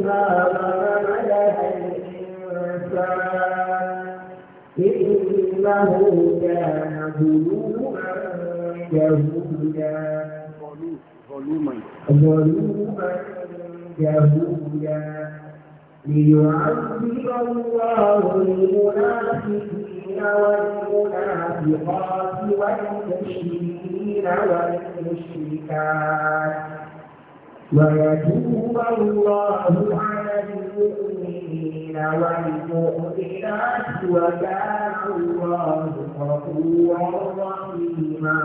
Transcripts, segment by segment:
مما عمل الإنسان إنه كان ظلوما جهولا ظلوما جهولا ليعذب الله المنافقين والمنافقات والمشركين والمشركات ويتوب الله على المؤمنين والمؤمنات وكان الله غفورا رحيما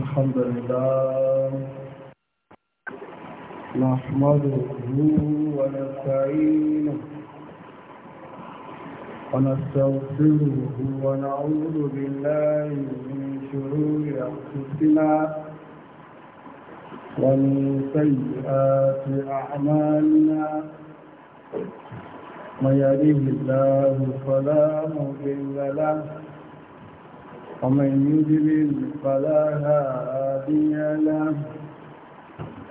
الحمد لله نحمده ونستعينه ونستغفره ونعوذ بالله من شرور أنفسنا ومن سيئات أعمالنا من يريد الله فلا مضل له ومن يضلل فلا هادي له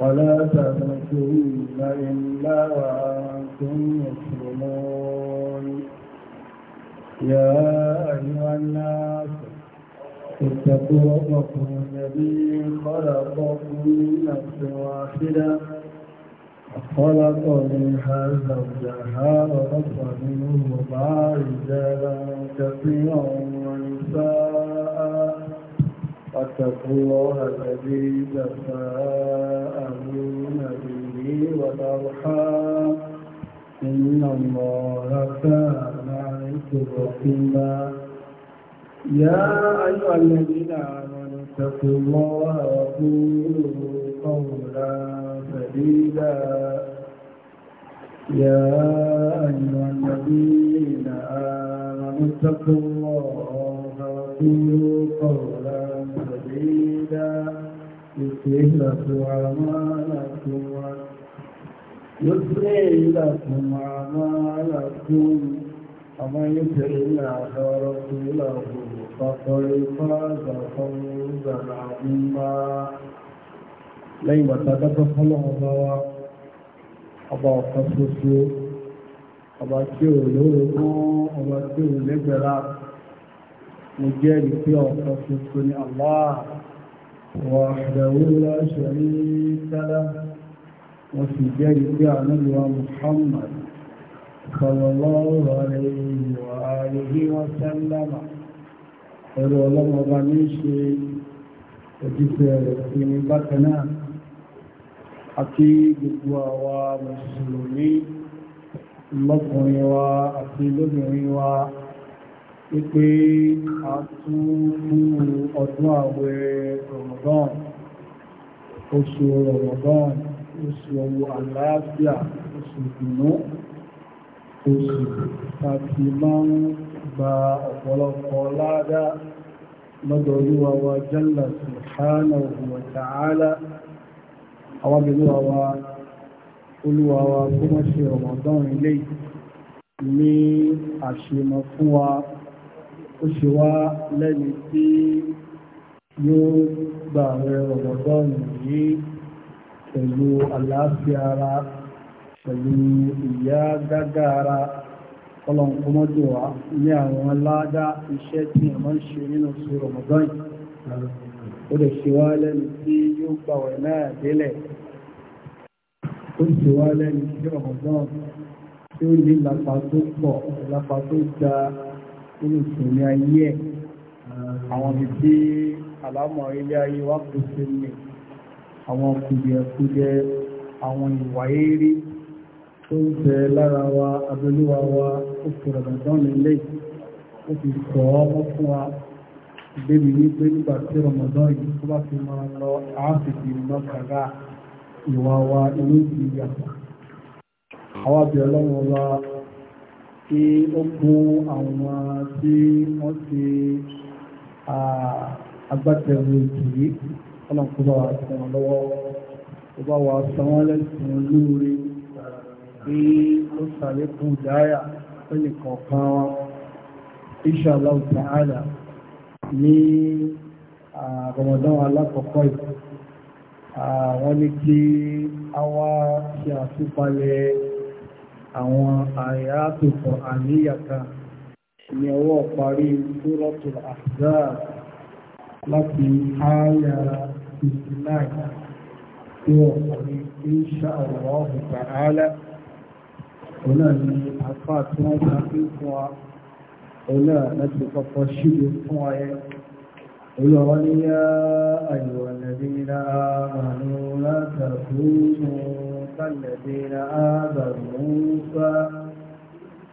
ولا تموتن إلا وأنتم مسلمون يا أيها الناس اتقوا ربكم الذي خلقكم من نفس واحدة خلق منها زوجها وبص منهما رجالا كثيرا ونساء واتقوا الله الذي تساءلون به والأرحام إن الله كان عليكم رحيما يا أيها الذين آمنوا اتقوا الله وقولوا قولا سديدا يا أيها الذين آمنوا اتقوا الله وقولوا قولا يصلح لكم أعمالكم يصلح لكم أعمالكم ومن يطع الله ورسوله فقد فاز فوزا عظيما lẹ́yìn bàtà dábọ́ fọ́lọ́wọ́ bá wá ọba ọ̀pá ṣoṣo ọba tí ò lóòrò mọ́ ọba tí ò lẹ́gbẹ̀rá mo jẹ́rìí pé ọ̀pá ṣoṣo ni Allah وحده لا شريك له وفي جيد عمله محمد صلى الله عليه وآله وسلم ẹ̀rọ ọlọ́mọba ní ṣe ojúṣe rẹ̀ sí ní bákanáà àti gbogbo àwa mùsùlùmí lọ́kùnrin wa àti lóbìnrin wa wípé a tún fún ọdún àwẹ̀ Ramadan oṣù Ramadan oṣù ọwọ́ àlàáfíà oṣù ìdùnnú oṣù àti máa ń gba ọ̀pọ̀lọpọ̀ ládá lọ́dọ̀ olúwa wa jalla subhanahu wa ta'ala àwọn olúwa wa olúwa wa kó ilé ní àṣemọ̀ fún wa ó ṣe wá lẹ́ni tí yóò gbà rẹ ọ̀rọ̀dọ́nù yìí pẹ̀lú àlàáfíà ara pẹ̀lú ìyá gágá ara ọlọ́nkọmọ́dé wa ní àwọn aládá iṣẹ́ tí a máa ń ṣe nínú sí ọmọdọ́nù ó lè ṣe wá lẹ́ni tí yóò gbà wẹ̀ náà délẹ̀ ó ṣe wá lẹ́ni tí ọmọdọ́nù tí ó ní lápá tó pọ̀ lápá tó dáa nínú ìsinmi ayé ẹ̀ àwọn ibi tí àlámọ̀ ilé ayé wá kò sí ní àwọn kùdìẹ̀kùdìẹ̀ àwọn ìwà eré tó ń bẹ lára wa abẹ́lúwa wa ó fi rọ̀gbọ̀n nílé ó fi sọ ọ́ fún wa débi wípé nígbà tí rọmọdán yìí tó bá fi máa lọ àásìkò iná kàrá ìwà wa inú ìyàpá àwọn àbẹ̀ ọlọ́run wa kí ó kó àwọn tí wọ́n ti agbátẹrù ètò yìí ọlọ́run kó bá wa sàn wọ́n lọ́wọ́ kó bá wa sàn wọ́n lẹ́sìn olóore tí ó ṣàlékún ìdáyà lẹ́nì kọ̀ọ̀kan wa insha Allah ta'ala ní Ramadan alákọ̀ọ́kọ́ yìí wọ́n ní kí a wá ṣe àtúpalẹ̀ àwọn àyà àtòkọ̀ àníyàká ní ọwọ́ parí túrọ́tù Ahzab láti àyà ìsìnáì tí wọ́n parí insha Allah ta'ala ọ̀nà ni apá tí wọ́n tàbí fún wa ọ̀nà láti kọ́kọ́ ṣílẹ̀ fún ayẹ́ olùwọ́n ni yá àyíwọ̀n nàbí كالذين آذوا موسى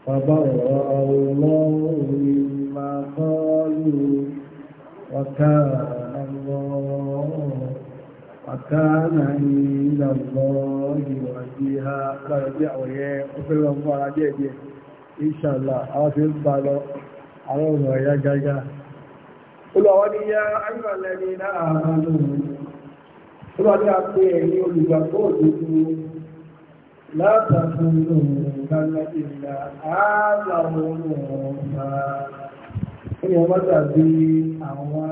فبرأه الله مما قالوا وكان الله وكان عند الله وجيها برجع ويه وفي المرة جيدي إن شاء الله أعطي البالو أعلم ويا جاجا قل أولياء أيها الذين آمنوا قل أولياء أبيه يقول لك látàkùnlò kálẹ́dìlà áàlàwòrò ọ̀fà ẹni ọmọ tàbí àwọn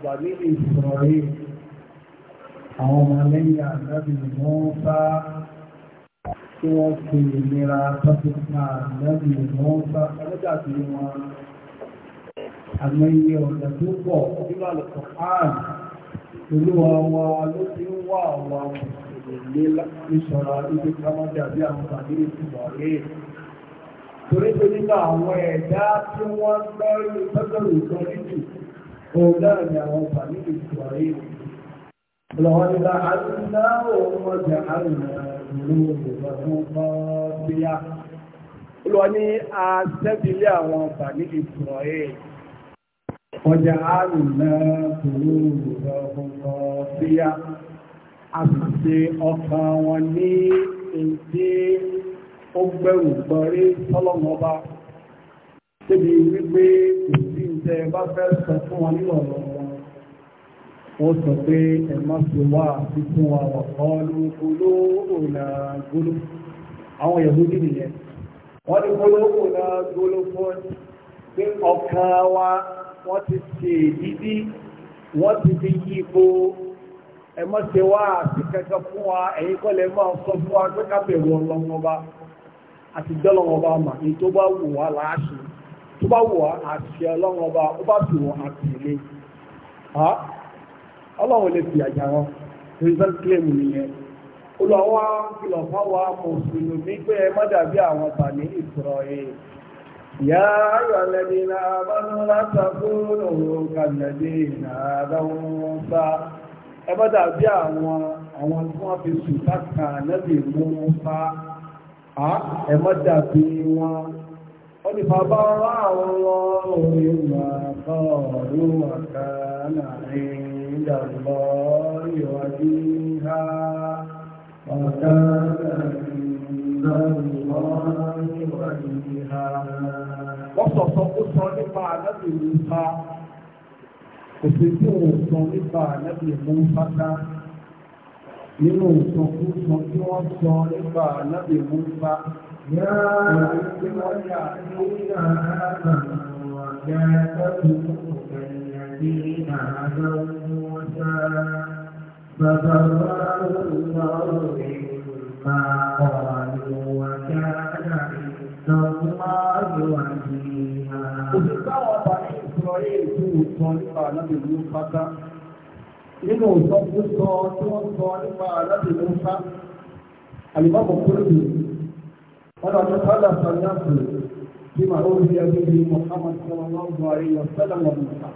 gbàmílì ìsọ̀rí àwọn ọmọ lẹ́yìn àgbàbì wọ́n bá tí wọ́n fi ìlera tọ́pípa àgbàbì wọ́n bá ọlọ́jà tí wọ́n àmẹ́yẹ ọ̀dẹ̀ tó pọ̀ nígbàlùkọ̀ áàrùn olúwa wa ló ti ń wà wà wà lè ìṣọ̀ra ibi kàmọ́dà bí àwọn tàbí ìtumọ̀ rẹ̀. Torí pé nínú àwọn ẹ̀dá tí wọ́n gbọ́rù tọ́jọ́rù kan nínú òun náà ni àwọn tàbí ìtumọ̀ rẹ̀. Lọ́wọ́ ni bá a ti ná òun ọjà àrùn ìlú ìgbàgbọ́ bíyà. Olúwa ní a tẹ́bílé àwọn tàbí ìtumọ̀ rẹ̀. Ọjà àrùn náà kò lóòrùn lọ́kọ̀ọ̀kan bíyà a sì ṣe ọkàn wọn ní èdè ó gbẹ̀rù gbọ́rí tọ́lọ́mọba débi wípé kò sí ìtẹ́ bá fẹ́ sọ fún wọn nílò ọ̀rọ̀ wọn ó sọ pé ẹ̀mọ́ ṣe wá àti fún wa ọ̀pọ̀ lóògbóló òlà gbóló àwọn Yahudi nìyẹn wọ́n ní gbóló ẹmọ́ a wá àti kẹ́kẹ́ fún wa ẹ̀yin kọ́ lẹ máa sọ fún wa pé kábẹ̀rù ọlọ́mọba àti ní tó bá wù wá láàṣì tó bá wù wá àṣì ọlọ́mọba ó bá fi wọn àti ilé ọlọ́run lè fi àjà wọn result claim nìyẹn kìlọ̀ fáwọn mùsùlùmí pé ẹ má dàbí àwọn ẹbọ́dà bí àwọn àwọn tí wọ́n fi sùn sáka lẹ́bí mú fa á ẹmọ́dà bí wọn wọ́n ti bàbá ọ̀rọ̀ àwọn orí màbá ọ̀rọ̀ àká láàrin ìdàgbọ́ ìwádìí wọ́n sọ̀tọ̀ ó sọ nípa àdábìrì fa òsè tí wọn sọ nípa ànábì Mùsá nínú ìsọkúsọ tí wọ́n sọ nípa ànábì Mùsá yáà tí wọ́n ní ayé ìlú sọ nípa ànábì Mùsá nínú òsàn tó sọ tí wọ́n sọ nípa ànábì Mùsá àlùbọ́bọ̀ kúròdù wọn àti kọ́lá sàlẹ́sì bí màá ó rí ẹbí bíi Muhammad sallallahu alaihi wa sallam wa Mùsá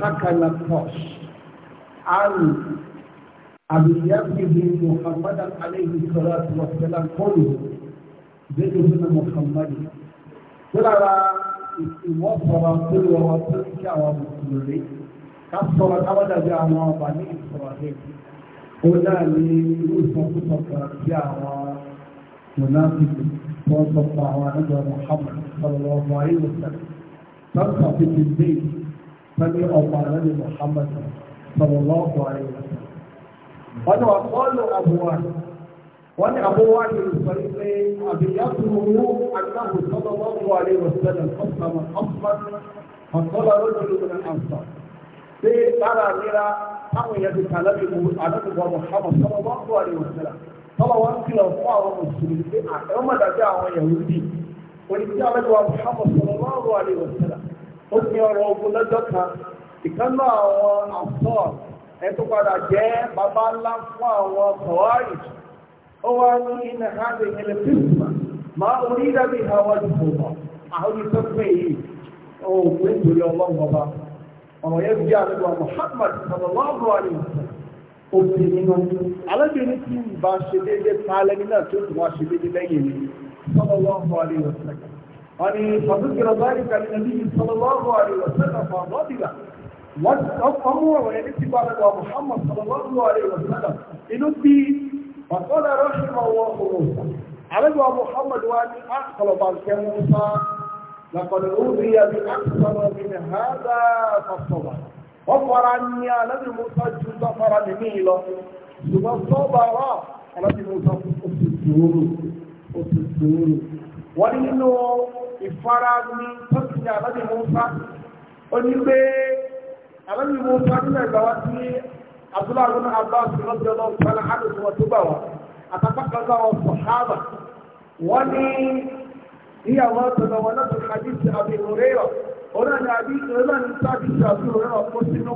mahakala kosh ali abiyaki bíi Muhammad alaihi salatu wa ìwọ́sọ̀rọ̀ tó lọ wọn tó ń kí àwọn mùsùlùmí ká sọ̀rọ̀ ká wọ́n dàbí àwọn ọba ní ìsọ̀rọ̀lẹ́ ó náà ní irú ìsọkúsọ kan sí àwọn monafiki tó ń sọ fún wọ́n ní àbúrò wáyé ìsọ̀rí pé àbíyàtúrú aláhùn sọ́dọ̀ lọ́wọ́ wà ní ìrọ̀sẹ̀lẹ̀ ọ̀pọ̀lọpọ̀ ọ̀pọ̀lọpọ̀ lójúlù ní àǹsà pé lára nira táwọn èèyàn ti kàlẹ́ bí mu àdókòwò Muhammad sọ́dọ̀ lọ́wọ́ wà ní ìrọ̀sẹ̀lẹ̀ tọ́lọ̀ wọn kìlọ̀ fún àwọn mùsùlùmí pé àtẹ̀wọ́ mọ̀dájú àwọn Yahudi oníṣẹ́ àdókòwò Muhammad sọ́dọ̀ lọ́wọ́ wà ní ìrọ̀sẹ̀lẹ̀ padà jẹ́ baba ńlá fún àwọn kọ̀wárì أواني إن هذه القسمة ما أريد بها وجه الله أعود تسميه أو قلت يا الله وبا أما يرجع لدوى محمد صلى الله عليه وسلم obìnrin náà alábìnrin tí ń bá ṣe déédé ta lẹ́ni náà tó tún wá ṣe déédé lẹ́yìn mi sallallahu alaihi wasallam wọn ni fàdúkìrọ báyìí kàlí nàbí sallallahu alaihi wasallam fún àbọ̀dìlà wọn ọmọ ọ̀rọ̀ ẹni tí bá lọ́wọ́ Muhammad sallallahu alaihi wasallam inú bí Bàtọ́lá rọ́ṣùmọ̀ wọ òmùsà. Àrẹ́gbà Muhammad wá ní àkọlọ̀bà kẹ́ Musa lakọ̀lẹ̀ òbí àbí àkọsọ̀rọ̀ bí ní hádà fàṣọ̀bà. Wọ́n fara ní àlẹ́bí Musa ju sọ́fara ní mí lọ. Ṣùgbọ́n sọ́ọ̀bà rà àlẹ́bí Musa ó ti sùúrù ó ti sùúrù. Wọ́n nínú ìfara ní tọ́sí àlẹ́bí Musa. Ó ní pé àlẹ́bí Musa nílẹ̀ lọ́wọ́ sí abdullahi bin abbas rọ́bì ọlọ́run sálà hánú tí wọ́n tó bá wa àtàkàkọ́lá wọn sọ hábà wọ́n ní ìyàwó ọ̀tọ̀nà wọn láti hadith àbí òrẹ́yọ̀ onáni àbí ìrẹ́lẹ́ni sáàbìsì àbí òrẹ́yọ̀ kó sínú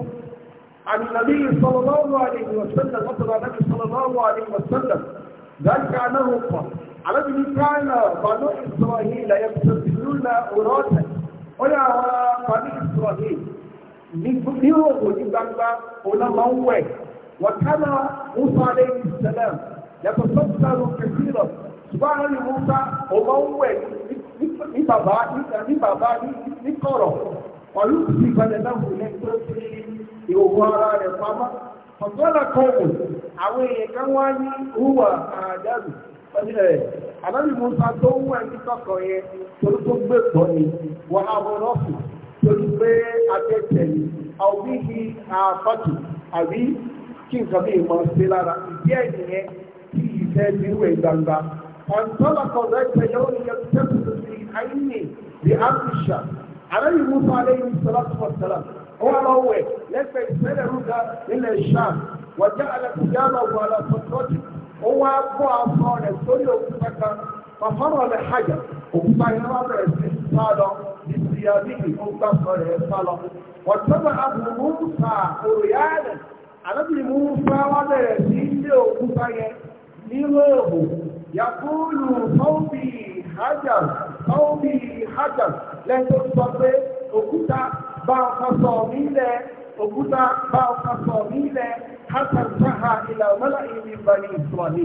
عن النبي صلى الله عليه وسلم وصل النبي صلى الله عليه وسلم ذلك أنه قال على ابن كان بنو ní òwò ní gbangba ọlọ́mọ ń wẹ̀ wọ́tánà musa aleyhi salam yàtọ̀ sọ́kùsàrò kẹsìrọ̀ ṣùgbọ́n àwọn musa ọmọ ń wẹ̀ ní bàbá ní bàbá ní kọ̀rọ̀ ọ̀lú ti balẹ̀ lẹ́yìn tó ti ìhòòhò ara rẹ̀ pamọ́ ọ̀tọ́lá kọ́ọ̀mù àwọn èèyàn kan wá ní musa tó ń wẹ̀ ní yẹn torí tó gbé pọ̀ ni wọ́n á bọ̀ torí pé akẹ́tẹ̀lì àbí hi àfàtù àbí kí nǹkan bí ìmọ̀ ṣe lára ìdí ẹ̀ nìyẹn tí ìfẹ́ bírú ẹ̀ gbangba. ọ̀ntọ́lá kọ̀ọ̀dọ̀ ẹ̀tẹ̀ yóò ní ẹ̀kú tẹ́kùtù sí àyínì bí àfíṣà àrẹ́yìn musa aleyhi salatu wa salam wọ́n lọ wẹ̀ lẹ́fẹ̀ẹ́ ìfẹ́lẹ̀ rúgà nílẹ̀ sham wọ́n jẹ́ alẹ́ kùjá fàfọ́rọ̀ rẹ̀ hajj òkúta iná wà bẹ̀rẹ̀ sí sá lọ ìsì àbíkì ó gbà sọ rẹ̀ sá lọ wọ́n tẹ́lẹ̀ àbúrò mùsà òrìyá rẹ̀ àlọ́bìnrin mùsà wà bẹ̀rẹ̀ sí ilé òkúta yẹn nílò òbò yàkúlù tọ́bì hajj tọ́bì hajj lẹ́tọ́ sọ pé òkúta bá ọkọ̀ nílẹ̀ òkúta bá ọkọ̀ nílẹ̀ hajj sáhà ìlà mọ́lá ìlú ìbàní ìsọ̀nì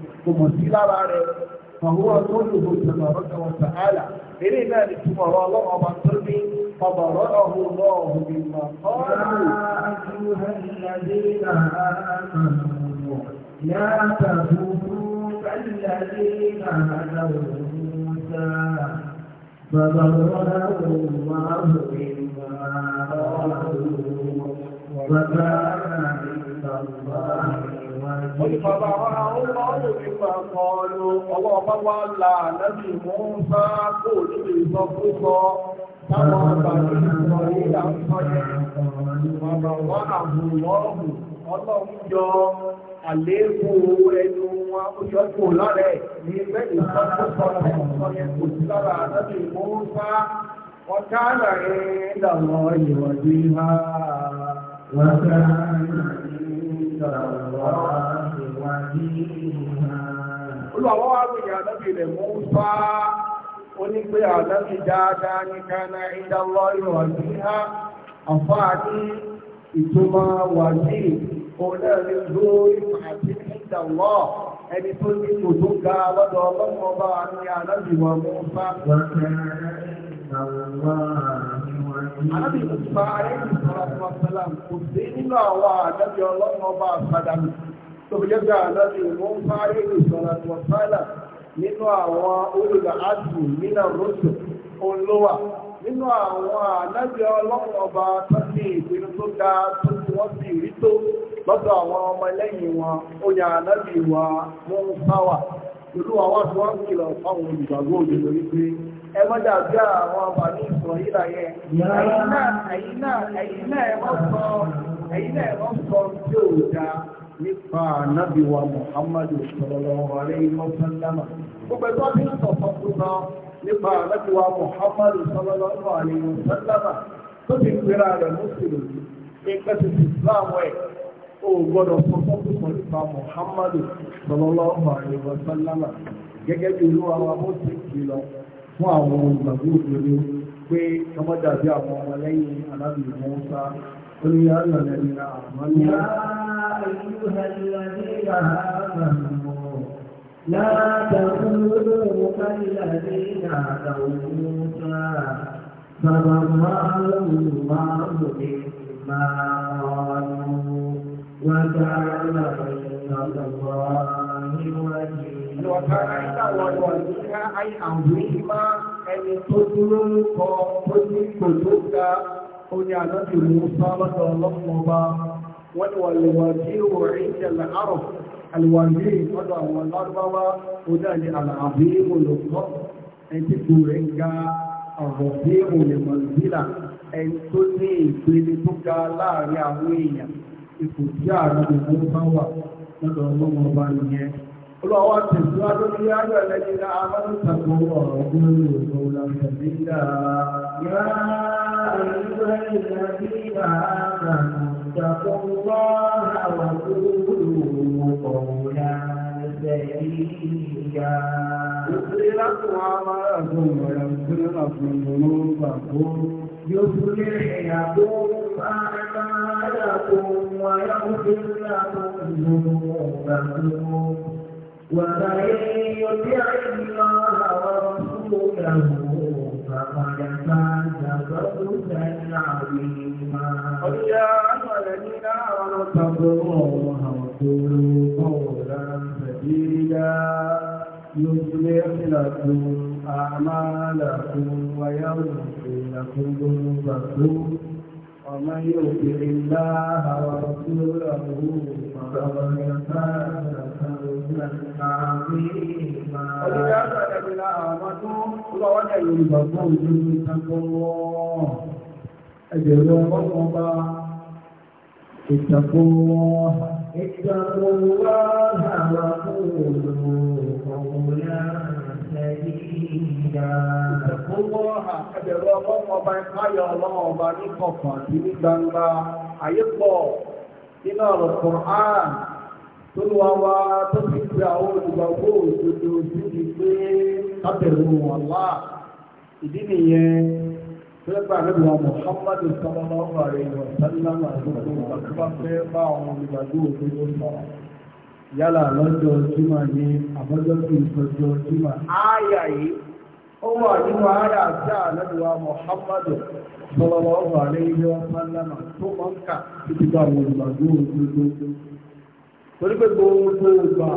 kò mọ̀ sí lára rẹ̀ àwọn ọlọ́run ló sọ̀rọ̀ ọ̀rọ̀ ọ̀sà àlà eré náà ní túmọ̀ ọ̀rọ̀ ọlọ́run ọba tó ní ọba ọ̀rọ̀ ọ̀hún lọ́ọ̀hún ní ma. Yàtà gbogbo kálíyàdé náà lọ́wọ́ Musa, bàbá ọlọ́run wà lórí ma ọ̀rọ̀ bàbá àìsàn wà lórí. Olùfàbàwà ọlọ́run nípa kọlu ọlọ́ọ̀pá wá là lẹ́bí mú bá kò ní ìsọkúsọ táwọn àbàmì ìsọ nígbà ń sọyẹ. Olùfàbàwà àbùwọ́ọ̀hù ọlọ́run yọ àléébù ẹnu wọn ó yọ kò lárẹ̀ ní bẹ́ẹ̀ ìsọkúsọ sọyẹ kò sí lára lẹ́bí mú bá ọ̀ká àlàyé ìdàmọ́ ìwọ̀dí máa. وكان عند الله وجيها Olúwàwọ́ wá wí ní àdábì rẹ̀ mú ń fá onígbé àdábì dáadáa ní kánà ìdánlọ́ ìwà ní á àfáà ní ìtumọ̀ wà ní olóòrí lórí àti ìdánlọ́ ẹni tó ní kò tó ga lọ́dọ̀ ọlọ́mọba ní àdábì wà mú fá. Wọ́n Ànábì Musa Alayhi Salatu Wasalam kò sí nínú àwọn ànábì ọlọ́run ọba àpàdánù tó fi jẹ́gbẹ́ ànábì Musa Alayhi Salatu Wasalam nínú àwọn àti rọ́sù olówà nínú àwọn ọlọ́run ọba tó ní ìpinnu tó ga tó wọ́n sì rí tó lọ́dọ̀ àwọn ọmọ ẹlẹ́yìn wọn ó yà ẹ mọ́ dàbí àwọn àbàmì ìsọ̀ yíra yẹn ẹ̀yin náà ẹ̀yin náà ẹ̀yin náà ẹ mọ́ sọ ẹ̀yin náà ẹ mọ́ sọ tí ò dáa nípa ànábì wa Muhammadu sallallahu alaihi wa sallam gbogbo ẹgbẹ́ ọdún sọ̀tọ̀ tó lọ nípa ànábì wa Muhammadu sallallahu alaihi wa sallam tó ti gbéra rẹ̀ mùsùlùmí ẹgbẹ́ ti ti islam ẹ̀ ó gbọ́dọ̀ sọ̀tọ̀ tó lọ Muhammadu sallallahu alaihi gẹ́gẹ́ bí olúwa wa mọ́sùlùmí lọ fún àwọn olùgbàgbé òdodo pé kọmọdàbí àwọn ọmọ lẹ́yìn alábìrì wọn sá ó ní Ìwọ̀ta àìsàwọ̀ ìwọ̀nìyà àìhàmúhímá ẹni tó dúró kọ tó ní kò tó ga oní ànábì mú sábàtà ọlọ́mọba wọ́n ni wọ́n lè wà tí ó rí ìṣẹ̀lẹ̀ àrọ̀ àlùwàgbé ọdọ̀ àwọn lárúbáwá ó dáadé àlàáfí olùkọ́ ẹni tí kò rẹ̀ ga ọ̀rọ̀ olùmọ̀lùbílà ẹni tó ní ìpele tó ga láàrin àwọn èèyàn ipò àrùn olùwàwà tẹ̀síwájú ní àjọ ẹlẹ́yìn náà amọ́nù tàbí ọ̀rọ̀ ọdún òṣèlú lọ́sẹ̀ nígbà yá àyíká ìlà bí màá tàbí ọ̀rọ̀ àwọn olùkọ́ ọ̀rọ̀ sẹ́yìnìyà. Ìṣẹ́ látùn àwọn ọ̀rọ̀ ọ̀rọ̀ ìṣẹ́ látùn olóògbà tó يصلح لكم أعمالكم ويغفر لكم ذنوبكم ومن يطع الله ورسوله فقد فاز فوزا عظيما قل يا ايها الذين امنوا اتقوا الله وقولوا قولا سديدا يصلح لكم اعمالكم ويغفر لكم ذنوبكم ومن يطع الله ورسوله فقد فاز فوزا عظيما وإذا كان بالآمة فوجد المفروض اتقوا الله أجروا ربما اتقوا الله اتقوا الله وقولوا قولا Iná ọ̀rọ̀ Kùrán tó lọ wá tó fi pé àwọn olùgbàgbọ́ òṣèlú sí ti pé kábẹ̀rù wọn wá. Ìdí nìyẹn tó lẹ́gbà nílùú ọmọ Muhammadu sallallahu alaihi wa sallam àti ọdún ọ̀pá tó bá fẹ́ bá àwọn olùgbàgbọ́ òṣèlú sọ̀rọ̀ yálà lọ́jọ́ jímà ní àbọ́jọ́ tí ìtọ́jọ́ jímà áyà yìí ó wà nínú áyà tí àlẹ́lúwà Muhammadu sallallahu alayhi wa sallam tó mọ́ǹkà títí bá wọn ìgbàgbó òdodo torí pé gbogbo ìgbà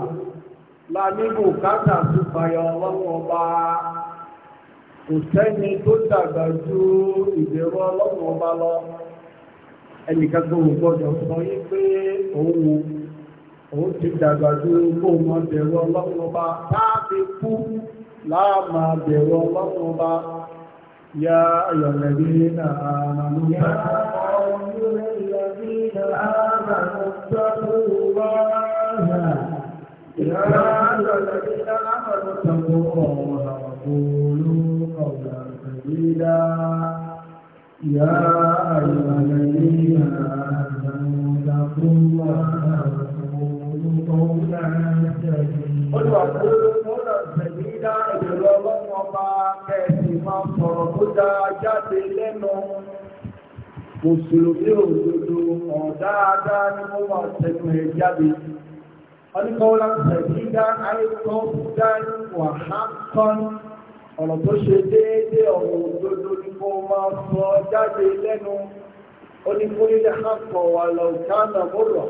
la nígbò káàtà tó fàyà ọlọ́wọ́ ọba kò sẹ́ni tó dàgbà sọ yí pé òun ó ti dàgbà dúró kó mọ bẹ̀rù ọlọ́run ọba táàbí kú láàmà bẹ̀rù ọlọ́run ọba yá ayọ̀lẹ̀bí náà àmàlú yá ayọ̀lẹ̀bí náà àmàlú tọ́lú wá يا أيها الذين آمنوا اتقوا الله وقولوا قولا سديدا يا أيها الذين آمنوا اتقوا الله قولا سديدا ìbẹ̀rù ọlọ́run ọba kẹsì máa sọ̀rọ̀ tó dáa jáde lẹ́nu mùsùlùmí òdodo ọ̀n dáadáa ni mo wà sẹ́nu ẹ̀ jáde ọdíkọ́wọ́lá sẹ̀dídá àìkọ́ dání wàhákan ọ̀rọ̀ tó ṣe déédé ọ̀rọ̀ òdodo ni mo máa sọ jáde lẹ́nu oníkúrílẹ̀ hàpọ̀ wà lọ́ọ̀kánà mọ́rọ̀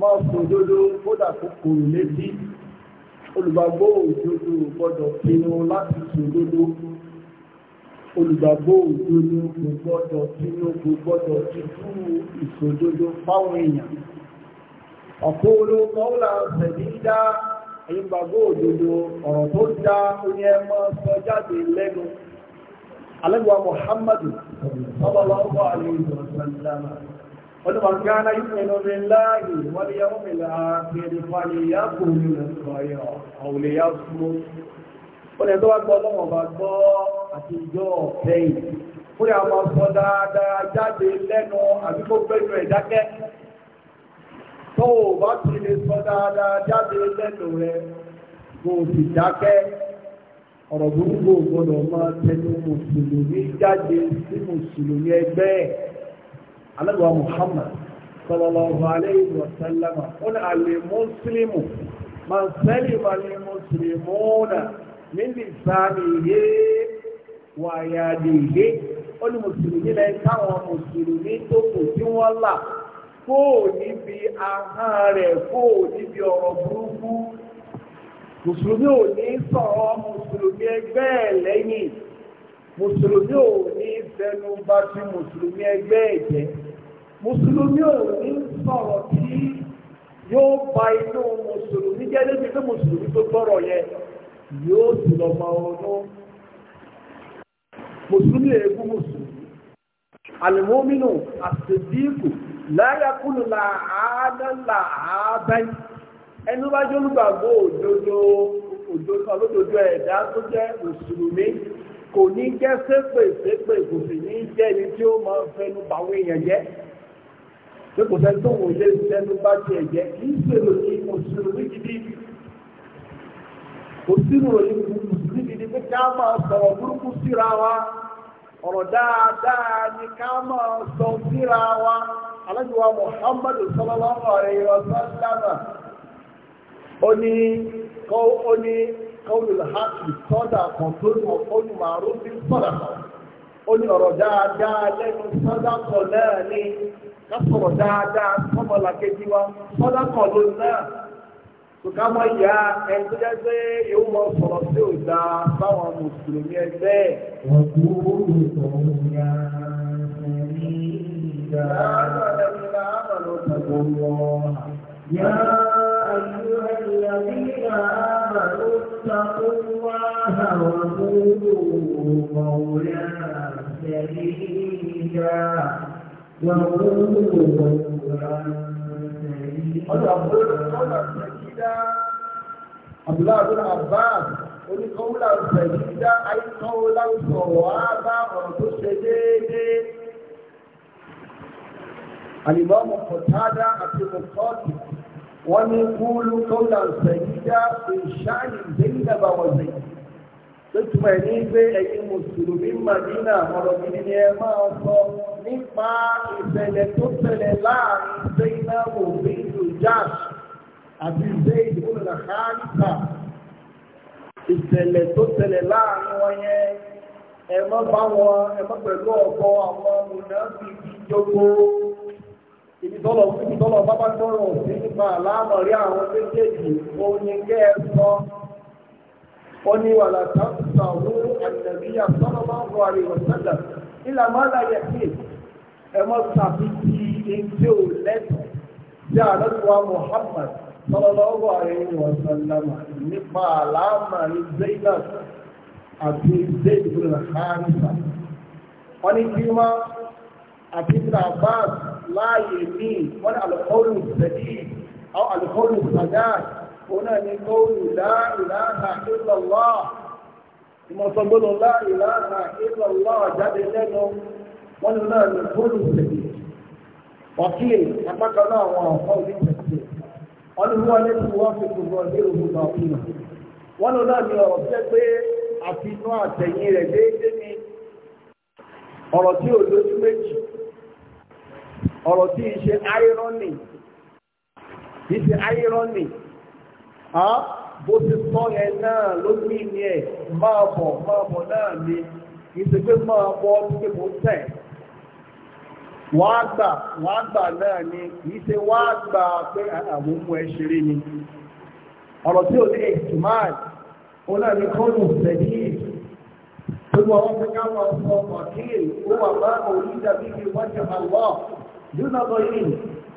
máa kò òdodo kódà kò kòrò létí olùgbàgbọ́ òdodo gbọ́dọ̀ pinnu láti sọ òdodo olùgbàgbọ́ òdodo kò gbọ́dọ̀ pinnu kò gbọ́dọ̀ títú ìṣòdodo fáwọn èèyàn ọ̀pọ̀ olóòkọ́ là tẹ̀lé dá ìgbàgbọ́ òdodo ọ̀rọ̀ tó dá oní ẹmọ́ sọ jáde lẹ́nu alẹ́gbà Muhammadu sallallahu alaihi wa sallam ولمن كان يؤمن بالله واليوم الآخر فليقل خيرا أو ليصمت wọ́n ẹ̀dọ́ wá gbọ́ ọlọ́wọ̀n bá gbọ́ àti ìjọ ọ̀fẹ́ yìí fúnra àwọn ọ̀sọ́ dáadáa jáde lẹ́nu àbí kó gbẹ́nu ẹ̀ dákẹ́ tó o bá ti lè sọ dáadáa jáde lẹ́nu rẹ kó o sì dákẹ́ ọ̀rọ̀ burúkú gbọ́dọ̀ máa tẹnu mùsùlùmí jáde sí mùsùlùmí ẹgbẹ́ ẹ̀ alágbà muhammad sallallahu alayhi wa sallam ó ní al-muslimu man salima al-muslimuna min lisanihi wa yadihi ó ní mùsùlùmí lẹ́yìn táwọn mùsùlùmí tó kù tí wọ́n là kóò níbi ahọ́n rẹ̀ kóò níbi ọ̀rọ̀ burúkú mùsùlùmí ò ní sọ̀rọ̀ mùsùlùmí ẹgbẹ́ ẹ̀ lẹ́yìn mùsùlùmí ò ní fẹnu bà ti mùsùlùmí ẹgbẹ́ ẹ̀ jẹ́ mùsùlùmí ò ní sọ̀rọ̀ tí yóò ba inú mùsùlùmí jẹ́ níbi pé mùsùlùmí tó gbọ́rọ̀ yẹn yóò sì lọ ma ọdún mùsùlùmí èébú mùsùlùmí àlùmọ́mínú àṣẹdíkù láyàkúlù làádọ́là àábẹ́ ẹni bá jẹ́ olùgbàgbọ́ òdodo òdodo olódodo ẹ̀dá tó jẹ́ mùsùlùmí kò ní jẹ́ ṣépè ṣépè kò sì ní jẹ́ ẹni tí ó máa fẹnu bàwọn èèyàn jẹ́ pé kò sẹ́ tó wòye lẹ́nu bá ti ẹ̀jẹ̀ kì í ṣèrò ní mùsùlùmí gidi kò sínú òyìn mùsùlùmí gidi pé ká máa sọ̀rọ̀ burúkú síra wa ọ̀rọ̀ dáadáa ni ká máa sọ síra wa alájọwà Muhammadu sallallahu alaihi wa sallam ó ní kọ́ọ̀lù hàkì sọ́dà kan tó lọ ọ̀nù màrún sọ́dà kan ó ní ọ̀rọ̀ dáadáa lẹ́nu sọ́dà kan náà ní lọ́sọ̀rọ̀ dáadáa sọ́mọlá kejì wa ọlọ́kọ̀ ló náà tòká mọ́ ìyá ẹni tó jẹ́ pé èyí mọ sọ̀rọ̀ sí òdà báwọn mùsùlùmí ẹgbẹ́ ẹ̀. يا أيها الذين آمنوا اتقوا الله وقولوا قولا سديدا Abdullahi Abbas oníkọ́wúlà ìfẹ̀yídá àìkọ́wúlà ìfọ̀wọ́ bá ọ̀rọ̀ tó ṣe déédéé. Àlìmọ́mù Kọ̀tádá àti Mùkọ́tù wọ́n ní kúlù kọ́wúlà ìfẹ̀yídá ìṣáyìn Zainab wa Zainab lótùmọ̀ ẹ̀ ní pé ẹ̀yin mùsùlùmí màdínà ọ̀rọ̀ gidi ni ẹ máa sọ nípa ìṣẹ̀lẹ̀ tó ṣẹlẹ̀ láàrin zainabu bíndù jash àti zayd olùlà kárìkà ìṣẹ̀lẹ̀ tó ṣẹlẹ̀ láàrin wọn yẹn ẹ má bá wọn ẹ má pẹ̀lú ọ̀pọ̀ àwọn mùnàfi ìjọgbó ìbítọ́lọ̀ bábá tọrọ sí nípa àlámọ̀rí àwọn méjèèjì òun ni kẹ́ ẹ sọ oni wàlá tàbùsà òun ànàbíyà sọ́nà máa ń wọ àríwọ̀ sẹ́lẹ̀ ilà máa ń láyé pé ẹ mọ́ tàbí ti ẹgbẹ́ ò lẹ́tọ̀ tí àdọ́tùwà Muhammad sọ́lọ́lọ́wọ́ àríwọ̀ sẹ́lẹ̀ nípa àlàámà ní Zainab àti Zainab Hamza wọ́n ní kí wọ́n àti Abbas láàyè míì wọ́n ní alùpùpù sẹ́dí àwọn alùpùpù òun náà ni kóòlù láàrínláà ìlọ́lọ́ ìmọ̀sọ̀gbọ́nù láàrínláà ìlọ́lọ́ jáde lẹ́nu wọn ni náà ni kóòlù tẹ̀lé ọ̀kíyè apákan náà wọn àwọn òní tẹ̀lé wọn ni wọn ní kí wọn fi gbogbo ọdẹ òun náà fi hàn wọn ni náà ni ọ̀rọ̀ jẹ́ pé àfinú àtẹ̀yìn rẹ̀ déédéé ni ọ̀rọ̀ tí ò lójú méjì ọ̀rọ̀ tí ì haa bó ti sọ yẹn náà ló ní ní ẹ ni kì máa bọ̀ ọdún tẹ̀. gbà ni kì í gbà pé ni. ọ̀rọ̀ tí ò ní ìtùmáàd òun náà kọ́nù tẹ̀lé gbogbo àwọn tí máa sọ ọ̀kìn ó wà bá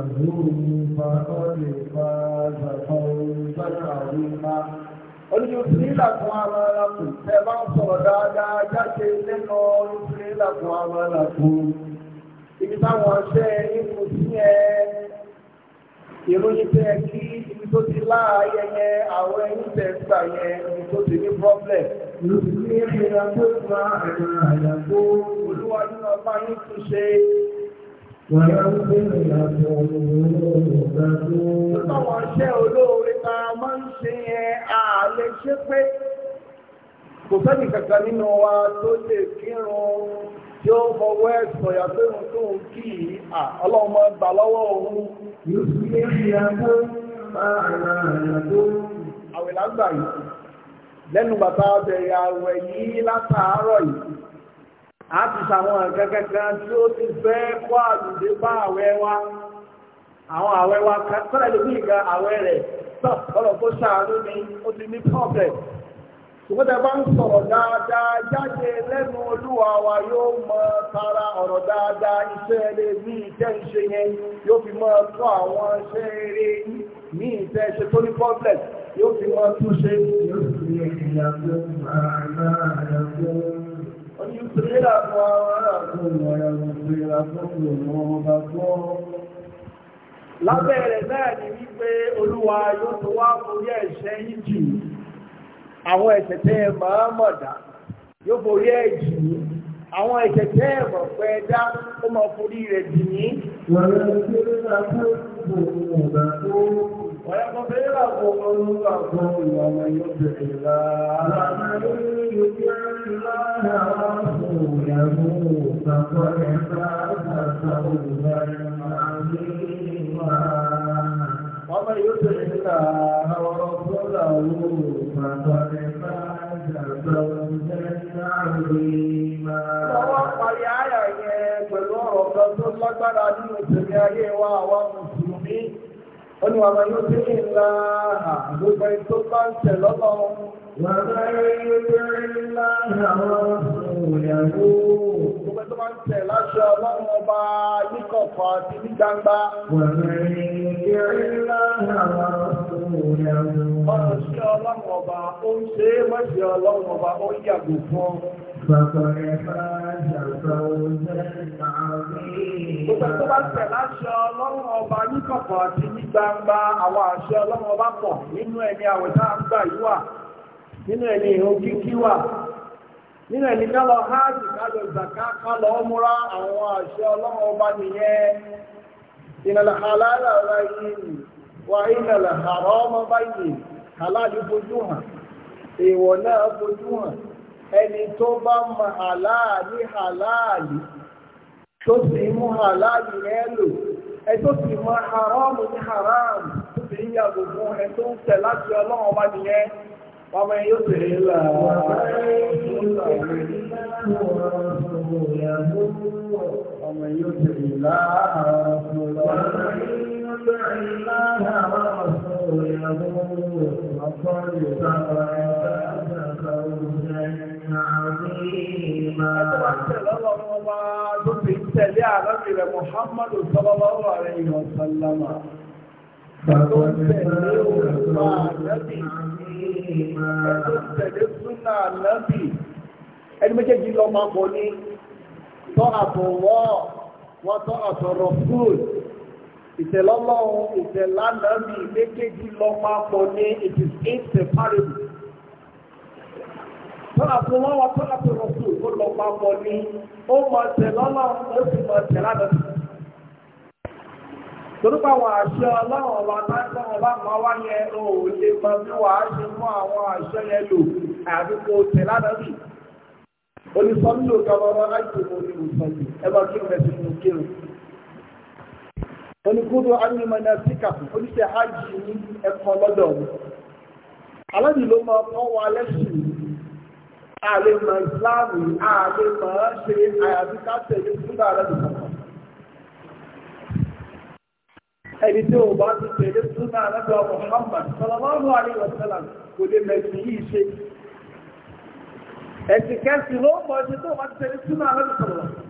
Olùsìnlá fún amára fún ẹ bá ń sọ̀rọ̀ dáadáa jáde lẹ́nà olùsìnlá fún amára fún. Ibi táwọn ṣẹ́ ikú sí ẹ, ìròyìn tẹ kí ibi tó ti láàyè yẹn àwọn ẹni tẹ ń gbà yẹn ibi tó ti ní problem. Olùsìnlá fún amára fún àyàgbó olúwa nínú ọba yín tún ṣe Tọ́wọ́ ṣẹ́ ṣe ẹ ṣe kò sẹ́ni kankan nínú wa tó lè kírun tí ó fọwọ́ ẹ̀sọ̀ yàtọ̀ tó ń kí ọlọ́run gbà lọ́wọ́ òun. Yóò fi lé ìyàwó ààrẹ yìí, lẹ́nu bàbá bẹ̀rẹ̀ àwẹ̀ yìí látàárọ̀ yìí. a ti sàwọn kẹ́kẹ́kẹ́ tí ó ti fẹ́ kó àlùdé bá àwẹ̀ àwọn àwẹ̀ kọ́lẹ̀ lè bí ìgbà àwẹ̀ rẹ̀ tọ́ kó ni ó ti ní pọ́ọ̀bẹ̀ ṣùgbọ́n dáadáa jáde lẹ́nu yóò mọ tara ọ̀rọ̀ dáadáa iṣẹ́ ní ìtẹ́ ìṣe yẹn yóò fi àwọn iṣẹ́ eré ní ìtẹ́ ìṣe tó ní yóò fi yóò fi ويصلحكم أعمالكم ويغفر لكم ذنوبكم lábẹ́rẹ̀ náà ni wípé olúwa yóò tó wá forí ẹ̀ṣẹ̀ yìí jì àwọn ẹ̀ṣẹ̀ tẹ́ ẹ máa mọ̀dá yóò forí ẹ̀ jì ní àwọn ẹ̀ṣẹ̀ tẹ́ ẹ mọ̀ pé dá ó máa forí rẹ̀ jì ní. wọ́n lè ṣe é ويغفره ذنوبكم ومن يطع الله ورسوله فقد فاز فوزا عظيما ومن يطع الله ورسوله فقد فاز فوزا عظيما Pẹ̀lú ọ̀rọ̀ kan tó lágbára nínú ìsinmi ayé wa àwọn Mùsùlùmí olùwàmọ̀ yóò tí ní ńlá àgbogbo ètò bá ń tẹ̀ lọ́lọ́ Wàbá yóò tí ńlá àwọn òyàwó. Gbogbo tó máa ń tẹ̀ láṣọ ọlọ́run ọba níkọ̀ọ̀kan àti ní gbangba. Wàbá yóò tí ńlá àwọn Ọ̀nà sí ọlọ́run ọba, ó ń ṣe é mọ́ sí ọlọ́run ọba, ó yàgò fún ọ. Bàbáyé bá jàgbá oúnjẹ àárín. Gbogbo tó bá tẹ̀ láṣẹ ọlọ́run ọba ní kọ̀kọ̀ àti ní gbangba àwọn àṣẹ ọlọ́run ọba pọ̀ nínú ẹni àwẹ̀ tá à ń gbà yìí wà, nínú ẹni ìhun kíkí wà, nínú ẹni kálọ háàjì kálọ ìzàká kálọ ọmúra àwọn àṣẹ ọlọ́run ọba nìyẹn. Ìnàlẹ̀ àlàálà ọ̀rọ̀ yìí wà ilẹ̀ àrọ́ ọmọ báyìí aláàjú fojú hàn èèwọ̀ náà fojú hàn ẹni tó bá mọ àláàlì àláàlì tó sì mú àláàlì rẹ̀ lò ẹ tó sì mọ àrọ́ọ̀mù ní haram tó sì ń yàgò fún ẹ tó ń tẹ̀ láti ọlọ́run ọba nìyẹn Ọmọ yóò tèrè ńlá ọmọ yóò tèrè ńlá ọmọ وصلت وعتاك فوزا عظيما بالتالي على محمد صلى الله عليه وسلم فكنت تليه مع النبي فكنت تليه سنة النبي المجد لما قولي طاعة الله وطاعة الرسول ìtẹ̀lọ́lọ́run ìtẹ̀lánàbì méjèèjì lọ papọ̀ ní it is inseparable. Tọ́lá tó wọ́n wá tọ́lá tó rọ̀ sí òkú lọ papọ̀ ní ó mọ tẹ̀lọ́lọ́run ó sì mọ tẹ̀lánàbì. Torúkọ àwọn àṣẹ ọlọ́run ọba táńtọ́ ọba máa wá yẹn o ò lè mọ bí wàá ṣe mú àwọn àṣẹ yẹn lò àdúgbò tẹ̀lánàbì. Olùsọ́nù lò kọ́ ọmọ aláìsàn òní ìwòsàn yìí ẹ bá kí n bẹ̀ sí inú oníkúrò arìnrìnmọ̀nà síkàkù oníṣẹ́ hajj ní ẹ̀kọ́ lọ́dọ̀ mi aláàbì ló máa kọ́ wa lẹ́sìn ààrẹ mọ̀ ìsìláàmù ààrẹ mọ̀ ṣe àyàfi káṣẹ̀ ní fúnbà rẹ̀ nìkan ẹni tí ó bá ti tẹ̀lé súnà lọ́dọ̀ Muhammad sallallahu alaihi wasallam kò lè mẹ̀sì yìí ṣe ẹ̀sìn kẹsì ló mọ̀ ṣe tó bá ti tẹ̀lé súnà lọ́dọ̀ sallallahu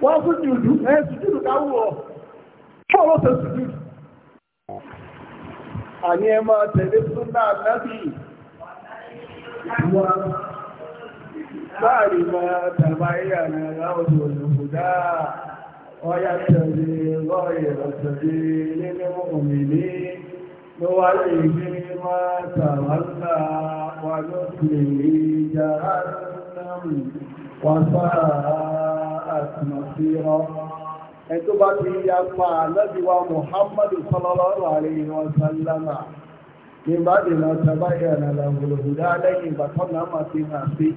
wọ́n tún jùdù ẹ́ sùjúdù káwùrọ̀ fọ́lọ́ tẹ sùjúdù àní ẹ máa tẹ̀lé súnà náàbì wọ́n láàrin máa tàbá ìyà náà ọdún olùkùdá ọya tẹ̀lé lọ́yẹ̀ ọ̀tẹ̀lé nínú òmìnir ló lè gbé máa tàwálà wà ló lè àtìmọ̀síra ẹ tó bá ti ya pa anábìwá muhammadu sallallahu alayhi wa sallama ní bá dì náà sábà ìrànà làwùlùhùdá lẹ́yìn ìgbà tó náà máa ti hàn sí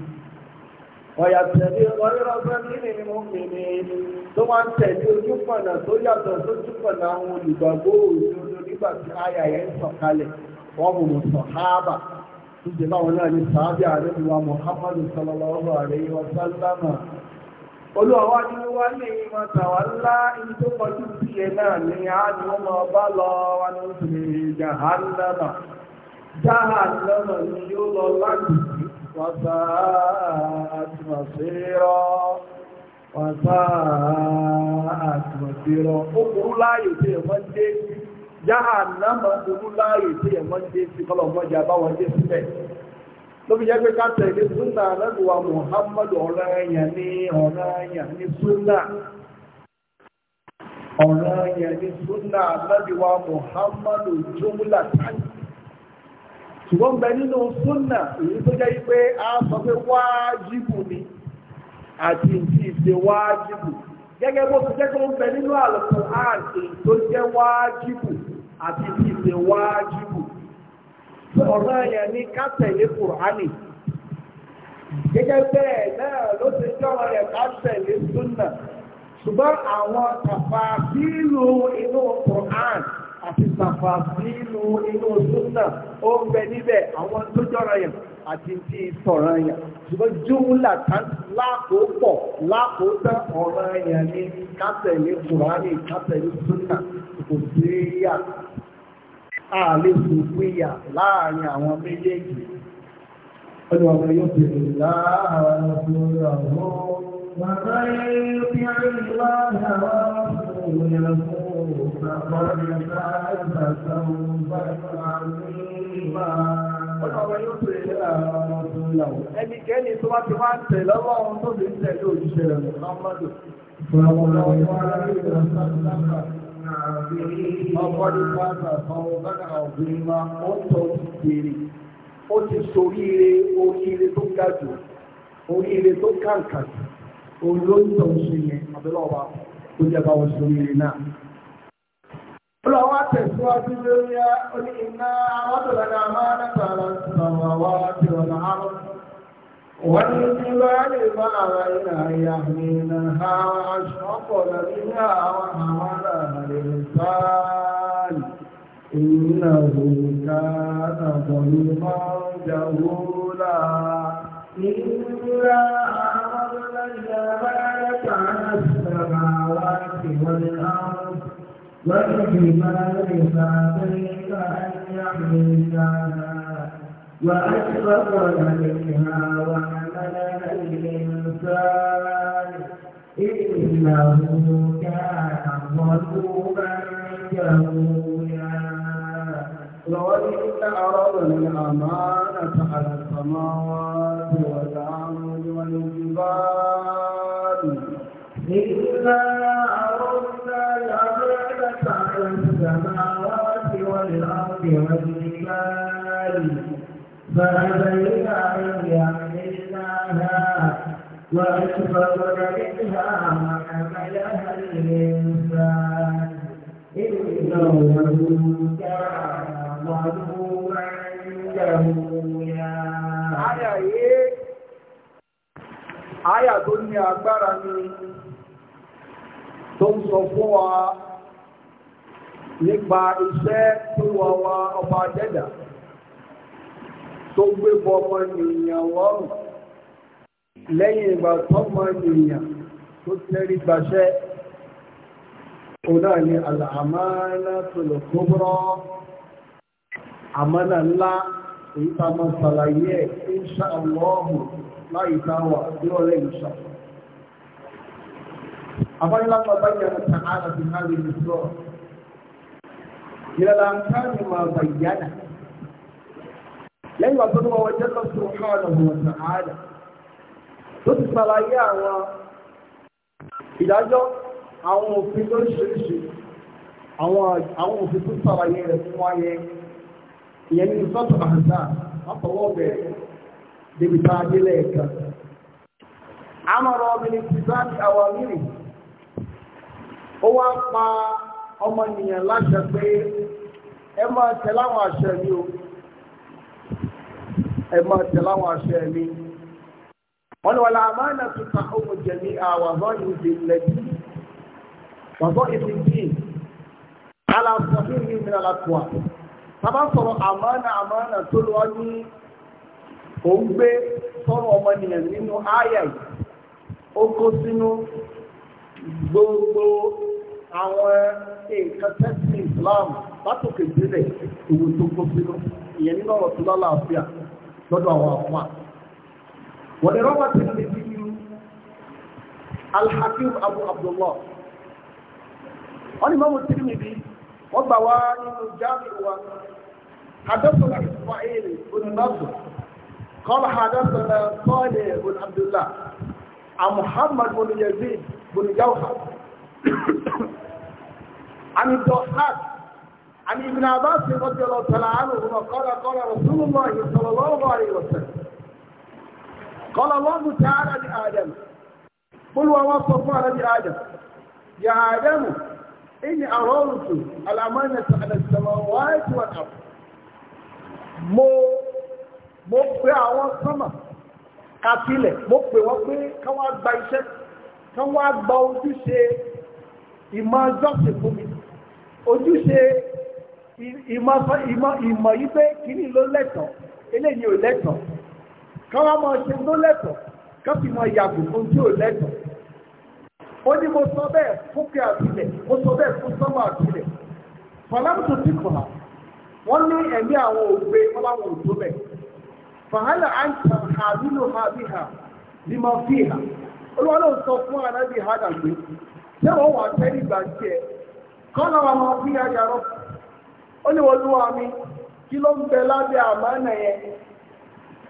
ọ̀yàtẹ̀lé ọ̀rẹ́rọ̀fẹ́ nínú mọ́mìnì tó máa ń tẹ̀lé ojúpọ̀nà tó yàtọ̀ tó túpọ̀nà àwọn olùgbàgbọ́ òṣèlú nígbà tí àyà yẹn ń sọ̀kalẹ̀ wọ́n sallallahu alaihi wa olúwàwá ni wá nwata mọ iji ńlá ibi tó kọjú sí ẹ náà ni a ní wọn bá lọ ní jahannama jahannama ni yóò lọ láti wàtá àtìmọ̀sírọ́ wàtá láàyè tí mọ́ ló fi jẹ́ pé ká tẹ̀lé súnà lẹ́gbọ̀wà Muhammad ọ̀rẹ́yà ní ọ̀rẹ́yà ní súnà ọ̀rẹ́yà ní súnà lẹ́gbọ̀wà Muhammad jùmúlà tán ṣùgbọ́n bẹ nínú súnà èyí tó jẹ́ pé a ni àti ìdí ìṣe wájìbù gẹ́gẹ́ bó ti jẹ́ tó ń bẹ nínú àlùkò àti tó jẹ́ wájìbù àti ìdí ìṣe wájìbù ọ̀rọ̀ yẹn ní ká tẹ̀lé kùránì gẹ́gẹ́ bẹ́ẹ̀ náà ló ti jọ́wọ́ rẹ̀ ká tẹ̀lé súnà ṣùgbọ́n àwọn tàfàbílù inú kùránì àti tàfàbílù inú súnà ó ń bẹ níbẹ̀ àwọn tó jọ́rọ̀ yẹn àti ti sọ̀rọ̀ yẹn ṣùgbọ́n júmùlà kan lákòópọ̀ lákòótán ọ̀rọ̀ yẹn ní ká tẹ̀lé kùránì ká tẹ̀lé súnà kò sí yàtọ̀ ààlè ìpínyà láàrin àwọn méjèèjì ọlọ́wọ́ yóò bèèrè láàrín Ẹnikẹ́ni tó bá ti wá tẹ̀ lọ́wọ́ ohun tó lè tẹ̀lé òjíṣẹ́ rẹ̀ lọ́mọdé. Fọ́nà ọmọ ọmọ ọmọ ọmọ ọmọ ọmọ ọmọ ọkọ̀dé pàtà fọ́nbọ́nà ọ̀gbìnmá ó tọ́ ti bèèrè ó ti soríire oríire tó ga jù oríire tó kàǹkà jù olóńtọ̀ ṣe yẹn abẹ́lọ́wà tó jẹ́ bá wọn soríire náà. Olọ́wọ́ tẹ̀síwájú lórí iná àwọn tó lọ́nà máa ń tààrà sàmàwá àti ọ̀nà àrùn. والجبال بعدها يهمينها وأشرقن بها وحملها الإنسان إنه كان ظلما جهولا إنا عرضنا الجبال على السماوات والأرض والجبال فأتيت أن يحملناها وأشفقنا عليها وعمل الإنسان إنه كان ظلوما جهولا وإن أردنا الأمانة على السماوات والأرض والجبال إنا أردنا الأمانة على السماوات والأرض والجبال فأبين أن يحملناها وأشفقن منها وحملها الإنسان إنه كان ظلوما جهولا Àyà tó ní agbára ni tó ń sọ fún wa nípa iṣẹ́ tó wà wá ọba jẹ́dàá tó gbé bọ́ ọmọ ènìyàn lọ́rùn lẹ́yìn ìgbà tọ́mọ ènìyàn tó tẹ́rí gbaṣẹ́ ọ̀dá ni al'amáná tó lọ tó bọ́rọ̀ àmánà ńlá èyí tá máa sàlàyé ẹ̀ insha Allah láì táwà lọ́rẹ̀ ìṣà abáyílápá bayyana ta'ala fi ń káàrí máa bayyana lẹ́yìn wà tó ní wọ́n jẹ́ lọ́sùn ọ̀hánà wọn sàádà tó ti ṣàlàyé àwọn ìdájọ́ àwọn òfin lóríṣiríṣi àwọn òfin tó ṣàlàyé rẹ̀ fún wa yẹn ìyẹn ní sọ́tò àǹtà àfọwọ́ bẹ̀rẹ̀ débi tá a dé lẹ́ẹ̀kan. àmọ̀ràn ọ̀bìnrin ti bá ní àwọn ó wá pa ọmọnìyàn láṣẹ pé ẹ máa tẹ̀lé àwọn àṣẹ yìí o. ẹ wọ́n ní tó ta ọmọ jẹ̀mí àwàzọ́ ìdè lẹ́bí wàzọ́ ìdè dín alàfọ̀ ní ìlú na alàtọ̀ à. sábà sọ̀rọ̀ àmàna àmàna tó lọ ní òun gbé ọmọnìyàn nínú sínú gbogbo àwọn nǹkan tẹ́sí Islam látòkè délẹ̀ ìwò tó kó sínú ìyẹn nínú ọ̀rọ̀ tó àfíà. lọ́dọ̀ àwọn àfà wọ́n ni rọ́bà tí lè fi yú alhakim abu abdullah wọ́n ni mọ́mú tìrìmìbì wọ́n gbà wá nínú jáde wa حدثنا إسماعيل بن نصر قال حدثنا صالح بن عبد الله عن محمد بن يزيد بن جوهر عن الضحاك عن ابن عباس رضي الله تعالى عنهما قال قال رسول الله صلى الله عليه وسلم قال الله تعالى لآدم قل ووصفها لآدم يا آدم إني أراوت الأمانة على السماوات والأرض mo mo pe àwọn sánmà kàtílẹ̀ mo pè wọ́n pé kán wá gba iṣẹ́ kán wá gba ojúṣe ìmọ̀ ọjọ́ sí fún mi ojúṣe ìmọ̀ yí pé ló lẹ́tọ̀ọ́ eléyìí ò lẹ́tọ̀ káwá mọ̀ ṣe ló káfí yàgò fún tí ò ó ní mo sọ bẹ́ẹ̀ fúnkẹ́ àtìlẹ̀ mo sọ bẹ́ẹ̀ fún ti wọ́n ní ẹ̀mí àwọn òwe bẹ̀ fàhálà àìsàn ha ha ní máa fi hà olúwa náà sọ fún anábì hádàgbé wà kọ́ bí ó ní olúwa kí ló ń bẹ lábẹ́ àmánà yẹn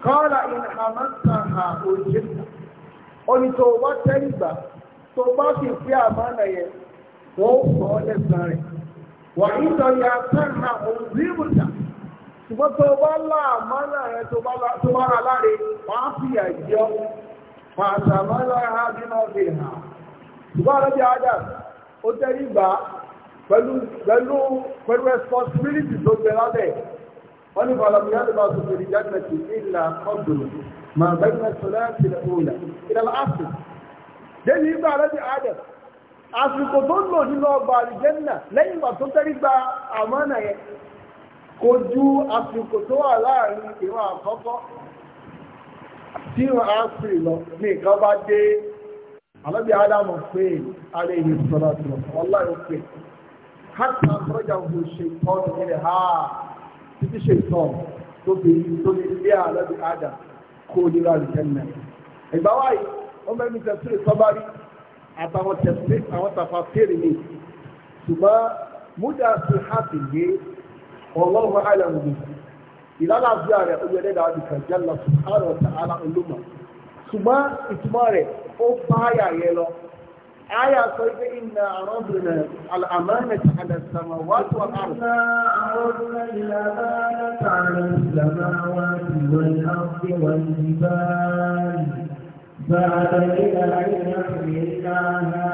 kọ́ọ̀lá ìhàmásàhà òjì ó tó bá tẹ́rìgbà tó bá fi fi àmánà yẹn wọ́n fọ́ ẹ̀sán rẹ̀ wà nítorí ya sáhà ṣùgbọ́n tó bá lá àmánà rẹ̀ tó bá ra láre wàá ha bí fi hà ṣùgbọ́n àlọ́bí adam ó pẹ̀lú pẹ̀lú pẹ̀lú responsibility tó jẹ lábẹ́ wọ́n ní balamu yàtọ̀ bá tó fèrè jáde ti ìlà kọ́ndùrù mà bẹ́ẹ̀ ní sọ̀rọ̀ ti lè òòlà ìlànà áfì débi ìgbà rẹ̀ ti àdẹ̀ àsìkò tó lò nínú ọgbà àlìjẹ́nà lẹ́yìn ìgbà tó tẹ́rí gba àmọ́nà yẹn kò ju àsìkò tó wà láàrin ìwọ̀n àkọ́kọ́ tí wọ́n á sì lọ ní ìkan bá dé alábì ádámù pé àlẹ́ ìlú sọ́dọ̀ tó wọ́n láì ó hàtà àkọ́jàwò ṣètọ́nù nílẹ̀ ha títí ṣètọ́n tó fi tó ní ilé àlọ́bí ádà kó nínú àlùjẹ́nà ìgbà wáyé wọ́n mẹ́rin tẹ̀sílẹ̀ sọ́bárí àtàwọn tẹ̀sílẹ̀ àwọn tàfà fèrè mi ṣùgbọ́n múdà sí hàtì yé ọlọ́run àlàmù mi ìlàlàáfíà rẹ̀ ó yẹlẹ́ dàbí kàjálà sùhánà tààlà olómà ṣùgbọ́n ìtumọ̀ rẹ̀ ó báyà yẹ lọ آية طيبة إنا أردنا الأمانة على السماوات والأرض إنا أردنا الأمانة على السماوات والأرض والجبال فأبينا أن يحملناها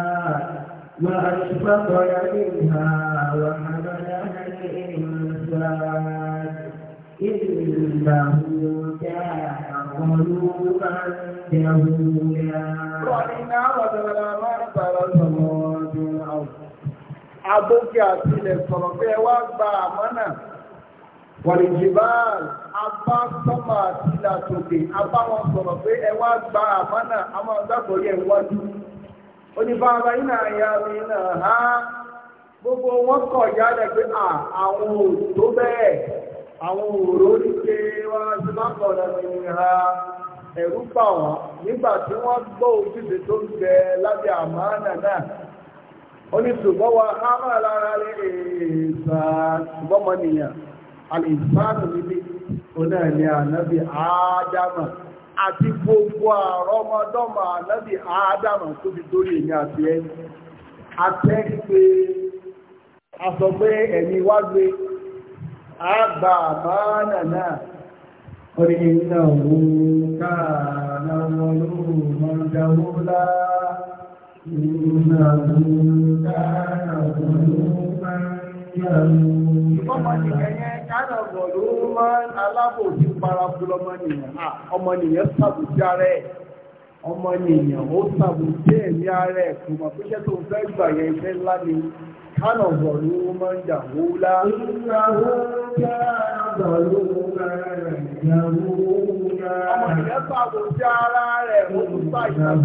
وأشفق منها وحملها الإنسان إنه كان قلوبا يهودا وإن أردنا ما ترك الله في الأرض Abókè àti ilẹ̀ sọ̀rọ̀ pé ẹ wá gba àmọ́nà wàlìjìbáàlì abá sọ́mà àti ìlàtòkè abá wọn sọ̀rọ̀ pé ẹ wá gba àmọ́nà àmọ́ ọ̀dàgbọ̀ ya mi náà há gbogbo wọn kọ̀ yálẹ̀ pé àwọn ò bẹ́ẹ̀. àwọn òòrò ní pé wọ́n ti lápọ̀ lẹ́nu ìhà ẹ̀rú bà wọ́n nígbà tí wọ́n gbọ́ ojúṣe tó ń bẹ lábẹ́ àmàánà náà ó ní ṣùgbọ́n wa lára èèfà ṣùgbọ́n mọ́ alìsánù níbi ànábì àti gbogbo ànábì tó dórí èmi àti ẹ́ pé a àgbà àbáànà náà orí iná òun káàrà wọn lóòrùn mọ́ dáwọ́lá iná òun káàrà wọn lóòrùn mọ́ Ọmọnìyàn sàbùsí ara ẹ̀, ọmọnìyàn ó sàbùsí ẹ̀mí ara ẹ̀ kò mọ̀ pé ṣẹ́ tó fẹ́ gbà yẹn fẹ́ ńlá ni kánà bọ̀lú máa ń dàwó lá. Ọmọ ìyá pàbò sí ara rẹ̀ ó tún bá ìyàgbọ́n.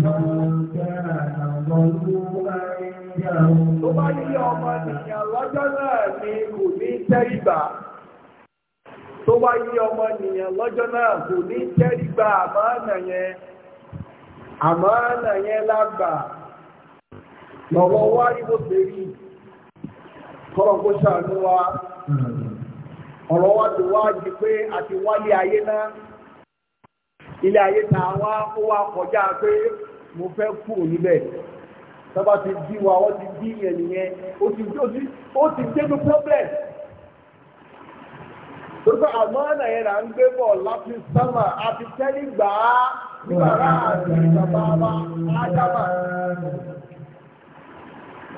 Tó bá nílé ọmọ nìyàn lọ́jọ́ náà ni kò ní tẹ́rìbà. Tó bá nílé ọmọ nìyàn lọ́jọ́ náà kò ní tẹ́rìbà àmọ́ nà yẹn. Àmọ́ nà yẹn lágbà. Lọ́wọ́ wá kọ́lọ̀ kó ṣàánú wa hmm. ọ̀rọ̀ wa wá di pé a wálé ayé náà ilé ayé ta wá ó wá kọjá pé mo fẹ́ kú níbẹ̀ sábà ti bí wa wọ́n ti bí yẹn nìyẹn ó ti ó ti dé ní problem torípé àmọ́nà yẹn là ń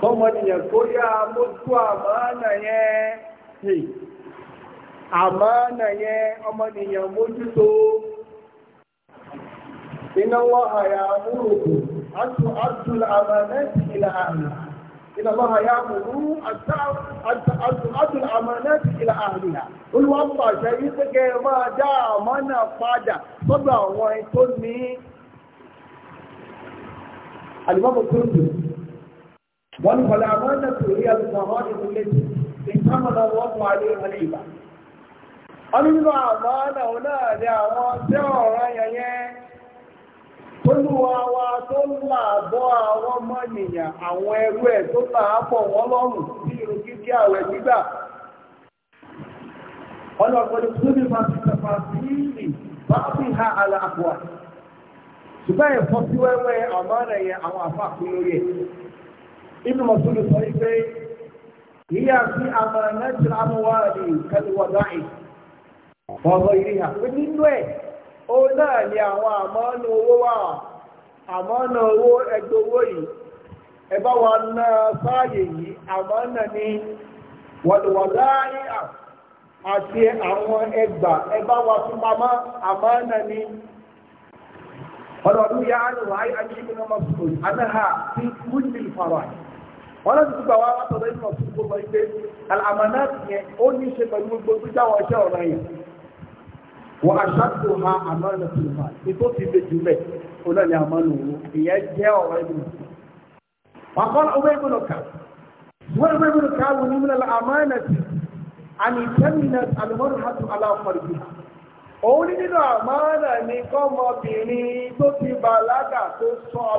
kọ́mọnìyàn kó yá mójú àmánà yẹn àmánà yẹn ọmọnìyàn mójútó iná wọ́n àyà múrùkù àtúntò àmánẹ́tì ilẹ̀ àmì iná wọ́n àyà múrùkù àtúntò àmánẹ́tì ilẹ̀ àmì olùwàpàṣẹ yìí pé kẹ́ ẹ máa dá àmánà padà sọ́dọ̀ àwọn tó ní alimọ́mọ́ tó dùn. والغلامانة هي الفرائض التي انتمن الله عليها العباد Ọlúgbà àmàánà náà ni ẹ̀fọ́ sí wẹ́wẹ́ yẹn àwọn àfáà Ibn Mas'ud sọ pé ìyá sí amanat al-amwali kal-wada'i wa ghayriha pé nínú ẹ̀ ó náà ní àwọn àmọ́nà owó wà àmọ́nà owó ẹgbẹ́ owó yìí ẹ bá wa ná sáàyè yìí àmọ́nà ní wal-wada'i àti àwọn ẹgbà ẹbá wa tún bá mọ́ àmọ́nà ni ọ̀dọ̀dún ya ánìwá ayé ajínigbé náà mọ̀ sí àdáhà sí kúndìlì fara wọn láti tún gbà wá látọ̀dọ̀ ìmọ̀ tó ti gbogbo ìgbé àmànà yẹn ó ní í ṣe pẹ̀lú gbogbo tó jáwọ́ iṣẹ́ ọ̀ràn yẹn wọ́n aṣáájú ha àmàlà tó fà ètò ti lè jù bẹ́ẹ̀ ó náà ní àmàlà òwò ìyẹn jẹ́ ọ̀rọ̀ ìbùnà wọn kọ́ ọwọ́ ìbùnà ká wọ́n ìwé ìbùnà ká wọ́n ní mílẹ̀ àmàlà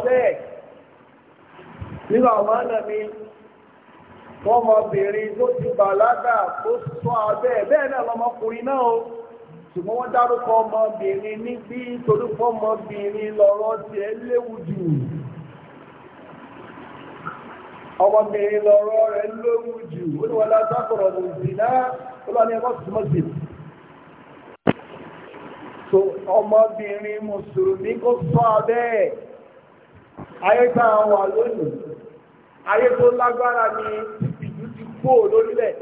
ti nínú àwọn ọ̀nà mi wọ́n mọ obìnrin tó ti bàlágà tó sọ abẹ́ bẹ́ẹ̀ náà lọmọkùnrin náà o ṣùgbọ́n wọ́n dárúkọ ọmọbìnrin níbí torí fọ́mọbìnrin lọ́rọ̀ tiẹ̀ léwu jù ọmọbìnrin lọ́rọ̀ rẹ̀ léwu jù ó ní wọ́n lọ sákòrò lòdìdá ó lọ ní ẹgbẹ́ sùmọ́sì. so ọmọbìnrin mùsùlùmí kò sọ abẹ́ ayé tá a wà lónìí ayé tó lágbára ni ìlú ti kó lórílẹ̀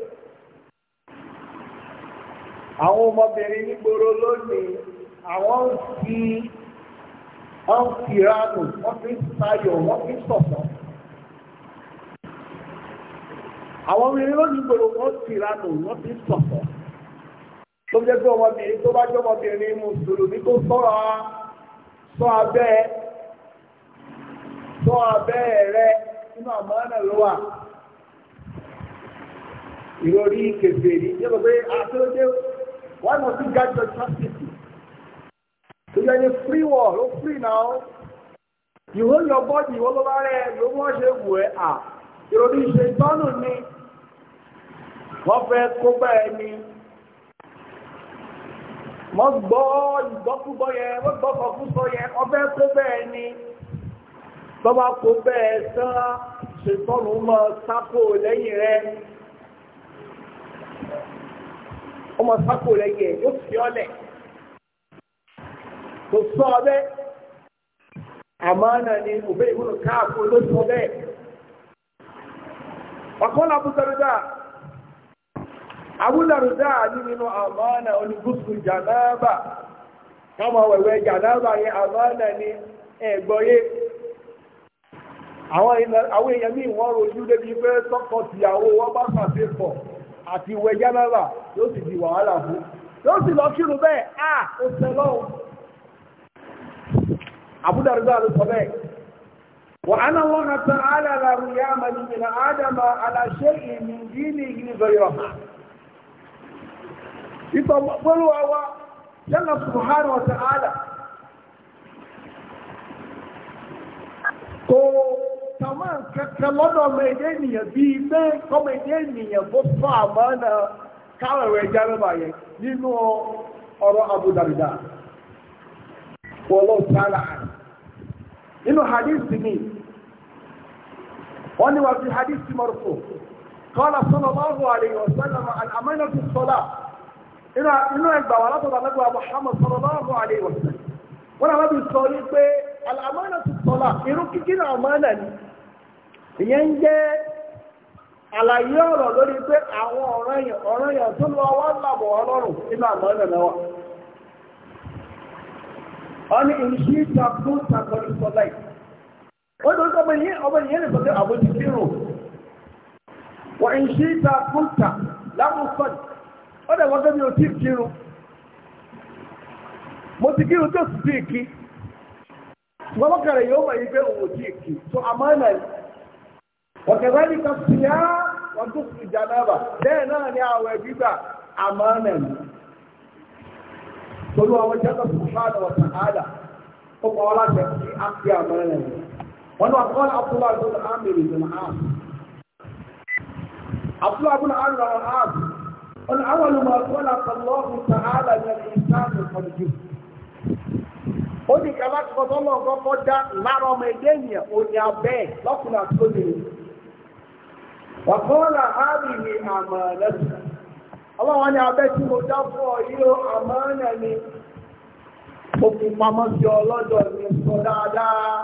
àwọn ọmọbìnrin nígboro lónìí àwọn ń fi wọ́n fi ránù wọ́n fi sayọ̀ wọ́n fi sọ̀tọ̀ àwọn obìnrin lónìí gbòòrò wọ́n fi ránù wọ́n fi sọ̀tọ̀ tó jẹ́ pé ọmọbìnrin tó bá jẹ́ ọmọbìnrin mùsùlùmí tó sọ́ra sọ abẹ́ sọ abẹ́ rẹ̀ inú àmọ́nà ló wà ìròrí kèfèrí yẹ́ bọ̀ pé àtúndé one of the guys of chastity tó yẹ ní free war ló free now you hold your body ìwọ́n ló bá rẹ̀ ló wọ́n ṣe wù ẹ́ à ìròrí ṣe ìtọ́nù ni wọ́n fẹ́ kó bá ẹ ní wọ́n gbọ́ ìgbọ́kúgbọ́ yẹn wọ́n gbọ́ kọ̀ọ̀kú sọ yẹn wọ́n fẹ́ kó bá ẹ ní. tọ́ba kò bẹ́ẹ̀ tán ṣètọ́nù mọ́ sápò lẹ́yìn rẹ̀ ọmọ sápò lẹ́yìn rẹ̀ yóò fi ọlẹ̀ kò sọ ọbẹ̀ àmọ́nà ni òbẹ́ ìwúrò káàkó ló sọ bẹ́ẹ̀ ọ̀kọ́lá bùtọ́rọ̀dá àbúlọ̀rọ̀dá ní nínú àmọ́nà olùgbùsù jànáàbà káwọn wẹ̀wẹ̀ yẹn ni ẹ̀gbọ́yé àwọn èèyàn míì wọ́n rojú débi pé tọkọ tìyàwó wọ́n bá pàṣẹ pọ̀ àti ìwẹ̀ yánára yóò sì di wàhálà fún yóò sì lọ kírun bẹ́ẹ̀ à ó tẹ lọ́wọ́ àbúdàrúgbà ló sọ bẹ́ẹ̀ wà á náà wọ́n ta alàlà rúyà màlìmìnà ádámà aláṣẹ ìmìndí ní ìgbìyànjọ́ ìtọ̀ gbọ́lúwa wa yálà subhanahu wa ta'ala tàmá kankan lọ́dọ̀ ọmọ èdè ènìyàn bíi pé kọ́mọ èdè ènìyàn bó tọ́ àmọ́ náà káwọn ẹ̀rọ ẹja mẹ́bàá yẹn nínú ọ̀rọ̀ Abu Darda wọ́lọ́ sára nínú hadith mi wọ́n ni wà fi hadith marfu qala sallallahu alayhi wa sallam al-amanatu as-salah inú ẹgbà wà látọ̀dọ̀ lẹ́gbà Muhammad sallallahu alayhi wa sallam wọ́n náà wọ́n bí sọ ní pé al-amanatu as irú kíkí náà àmánà ni ìyẹn ń jẹ́ àlàyé ọ̀rọ̀ lórí pé àwọn ọ̀rọ̀ yẹn tó lọ wá làbọ̀ ọlọ́run nínú àmọ́ ẹ̀nà náà wọ́n ní ìṣí ìtàkùn ìtàkùn ìsọ̀lá yìí ó dùn ọmọ ìyẹn ọmọ ìyẹn nìkan tó àbójú kírun wọ́n ìṣí ìtàkùn ìtà lámùsọ̀n ó dẹ̀ wọ́n mi ò tí kírun mo ti kírun tó sì tí kí wọ́n mọ́kàrẹ̀ yóò mọ̀ yí pé òun ò tí so àmọ́ وكذلك الصيام وكفر الجنابة دينا يا وجبة أمانا قلوا وجهك سبحانه وتعالى ثم ولا تكفي أخي أمانا وأنا قال عبد الله بن عامر بن العاص عبد الله بن عامر بن العاص قل أول ما خلق الله تعالى من الإنسان الخليجي ó ní kí alákọ̀ọ́sọ́ lọ́kọ́ kọjá lára ọmọ ẹgbẹ́ ènìyàn òní abẹ́ lọ́kùnrin àti lóbìnrin Wàkọ́lá ààbì ni àmàlẹ́tù. Ọlọ́wọ́n ni abẹ́ tí mo dápọ̀ yíó àmàlẹ́ ni, ó fi pamọ́ sí ọlọ́dọ̀ ní sọ dáadáa.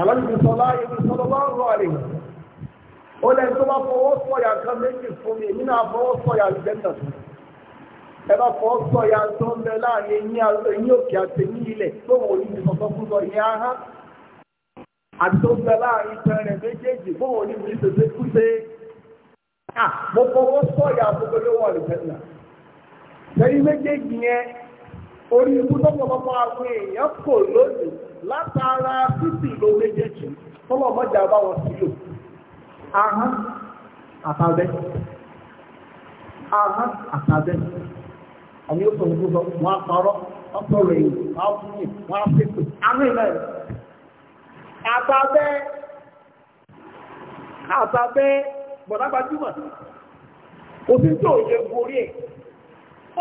Àlọ́dún sọ láyé ní sọ lọ́rọ̀ rẹ̀. Ó lẹ́n tó bá fọwọ́ sọ̀yà kan méjì fún mi, nínú àfọwọ́ sọ̀yà jẹ́ndà fún. Ẹ bá fọwọ́ sọ̀yà tó ń bẹ àti tó ń bẹ láàrin ìtàn rẹ̀ méjèèjì fún òní mi ṣèṣe kú ṣe mo fọwọ́ sọ̀yà àfọwọ́lówó àlùfẹ́nà lẹ́yìn méjèèjì yẹn orí ikú tọ́pọ̀lọpọ̀ àwọn èèyàn kò lónìí látara títì ló méjèèjì tọ́lọ̀ mọ́jà bá wọn sí lò ahán àtàbẹ́ ahán àtàbẹ́ àwọn yóò sọ̀rọ̀ wọn parọ́ ọ̀sọ̀rọ̀ èyí wọn á fún yìí wọn á fẹ́ pé àwọn ìlànà àtàbẹ́ àtàbẹ́ bọ̀dágbàjúmọ̀ òsì tó yẹ gorí ẹ̀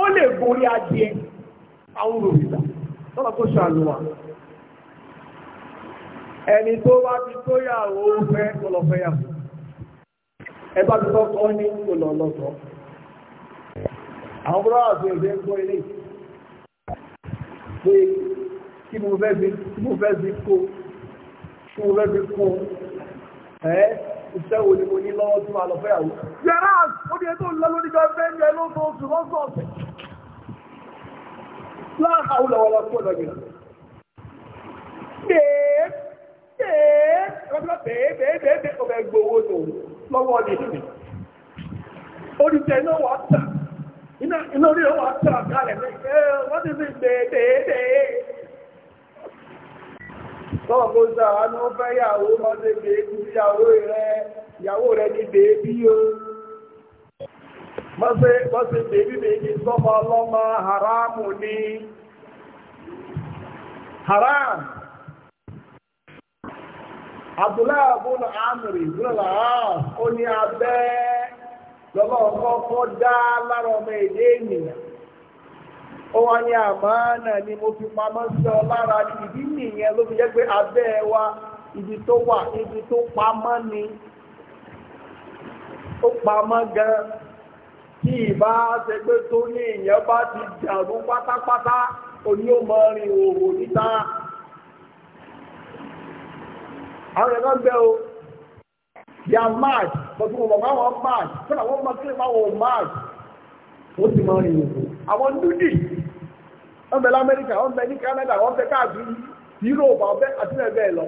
ó lè gorí adìẹ àwọn olùrìsà tọ́lá tó ṣàlùwà ẹni tó wá ti tó yàwó fẹ́ kọlọ̀fẹ́ yàwó ẹbá ti tọ́kọ́ ní kọlọ̀lọ́sọ àwọn bọ́lá àti ẹ̀fẹ́ ń gbọ́ ilé pé kí mo fẹ́ sí kó kú lẹ́bí kún ẹ́ iṣẹ́ wo ni mo ní lọ́wọ́ tí máa lọ fẹ́ àwọn yàrá ó ní ètò ìlọ lórí gọ́ọ̀fẹ́ ní ẹ lọ́sọ̀ọ̀sẹ̀ láàáwù lọ́wọ́ lọ kó lọ́gbìn bẹ́ẹ̀bẹ́ẹ̀bẹ́ẹ̀bẹ́ẹ̀bẹ́ ní ìlú orí tẹ̀ náà wà tọ́ọ̀kọ́ sàánú fẹ́ yàwó mọ́sẹ̀ bèébí yàwó rẹ̀ yàwó rẹ̀ ní bèébí o mọ́sẹ̀ bèébí bèébí sọ́mọ ọlọ́mọ haramu ni haram abdullahi abun amiri lọ́la ó ní abẹ́ lọ́lọ́kọ́ kọ́ dá lára ọmọ èdè ènìyàn ó wá ní ni mo fi pamọ́ sí lára ìdí nìyẹn ló fi jẹ́ pé abẹ́ wa ibi tó wà ibi tó pamọ́ ni ó pamọ́ gan tí ìbá ṣe pé tó ní ìyẹn bá ti dàrú pátápátá òní mọ níta o àwọn ọmọ kí ni ó sì mọ òwò àwọn ọ bẹ lamẹ́ríkà ọ bẹ Canada wọ́n bẹ káàkiri ọ bụ àti bẹ́ẹ̀ lọ.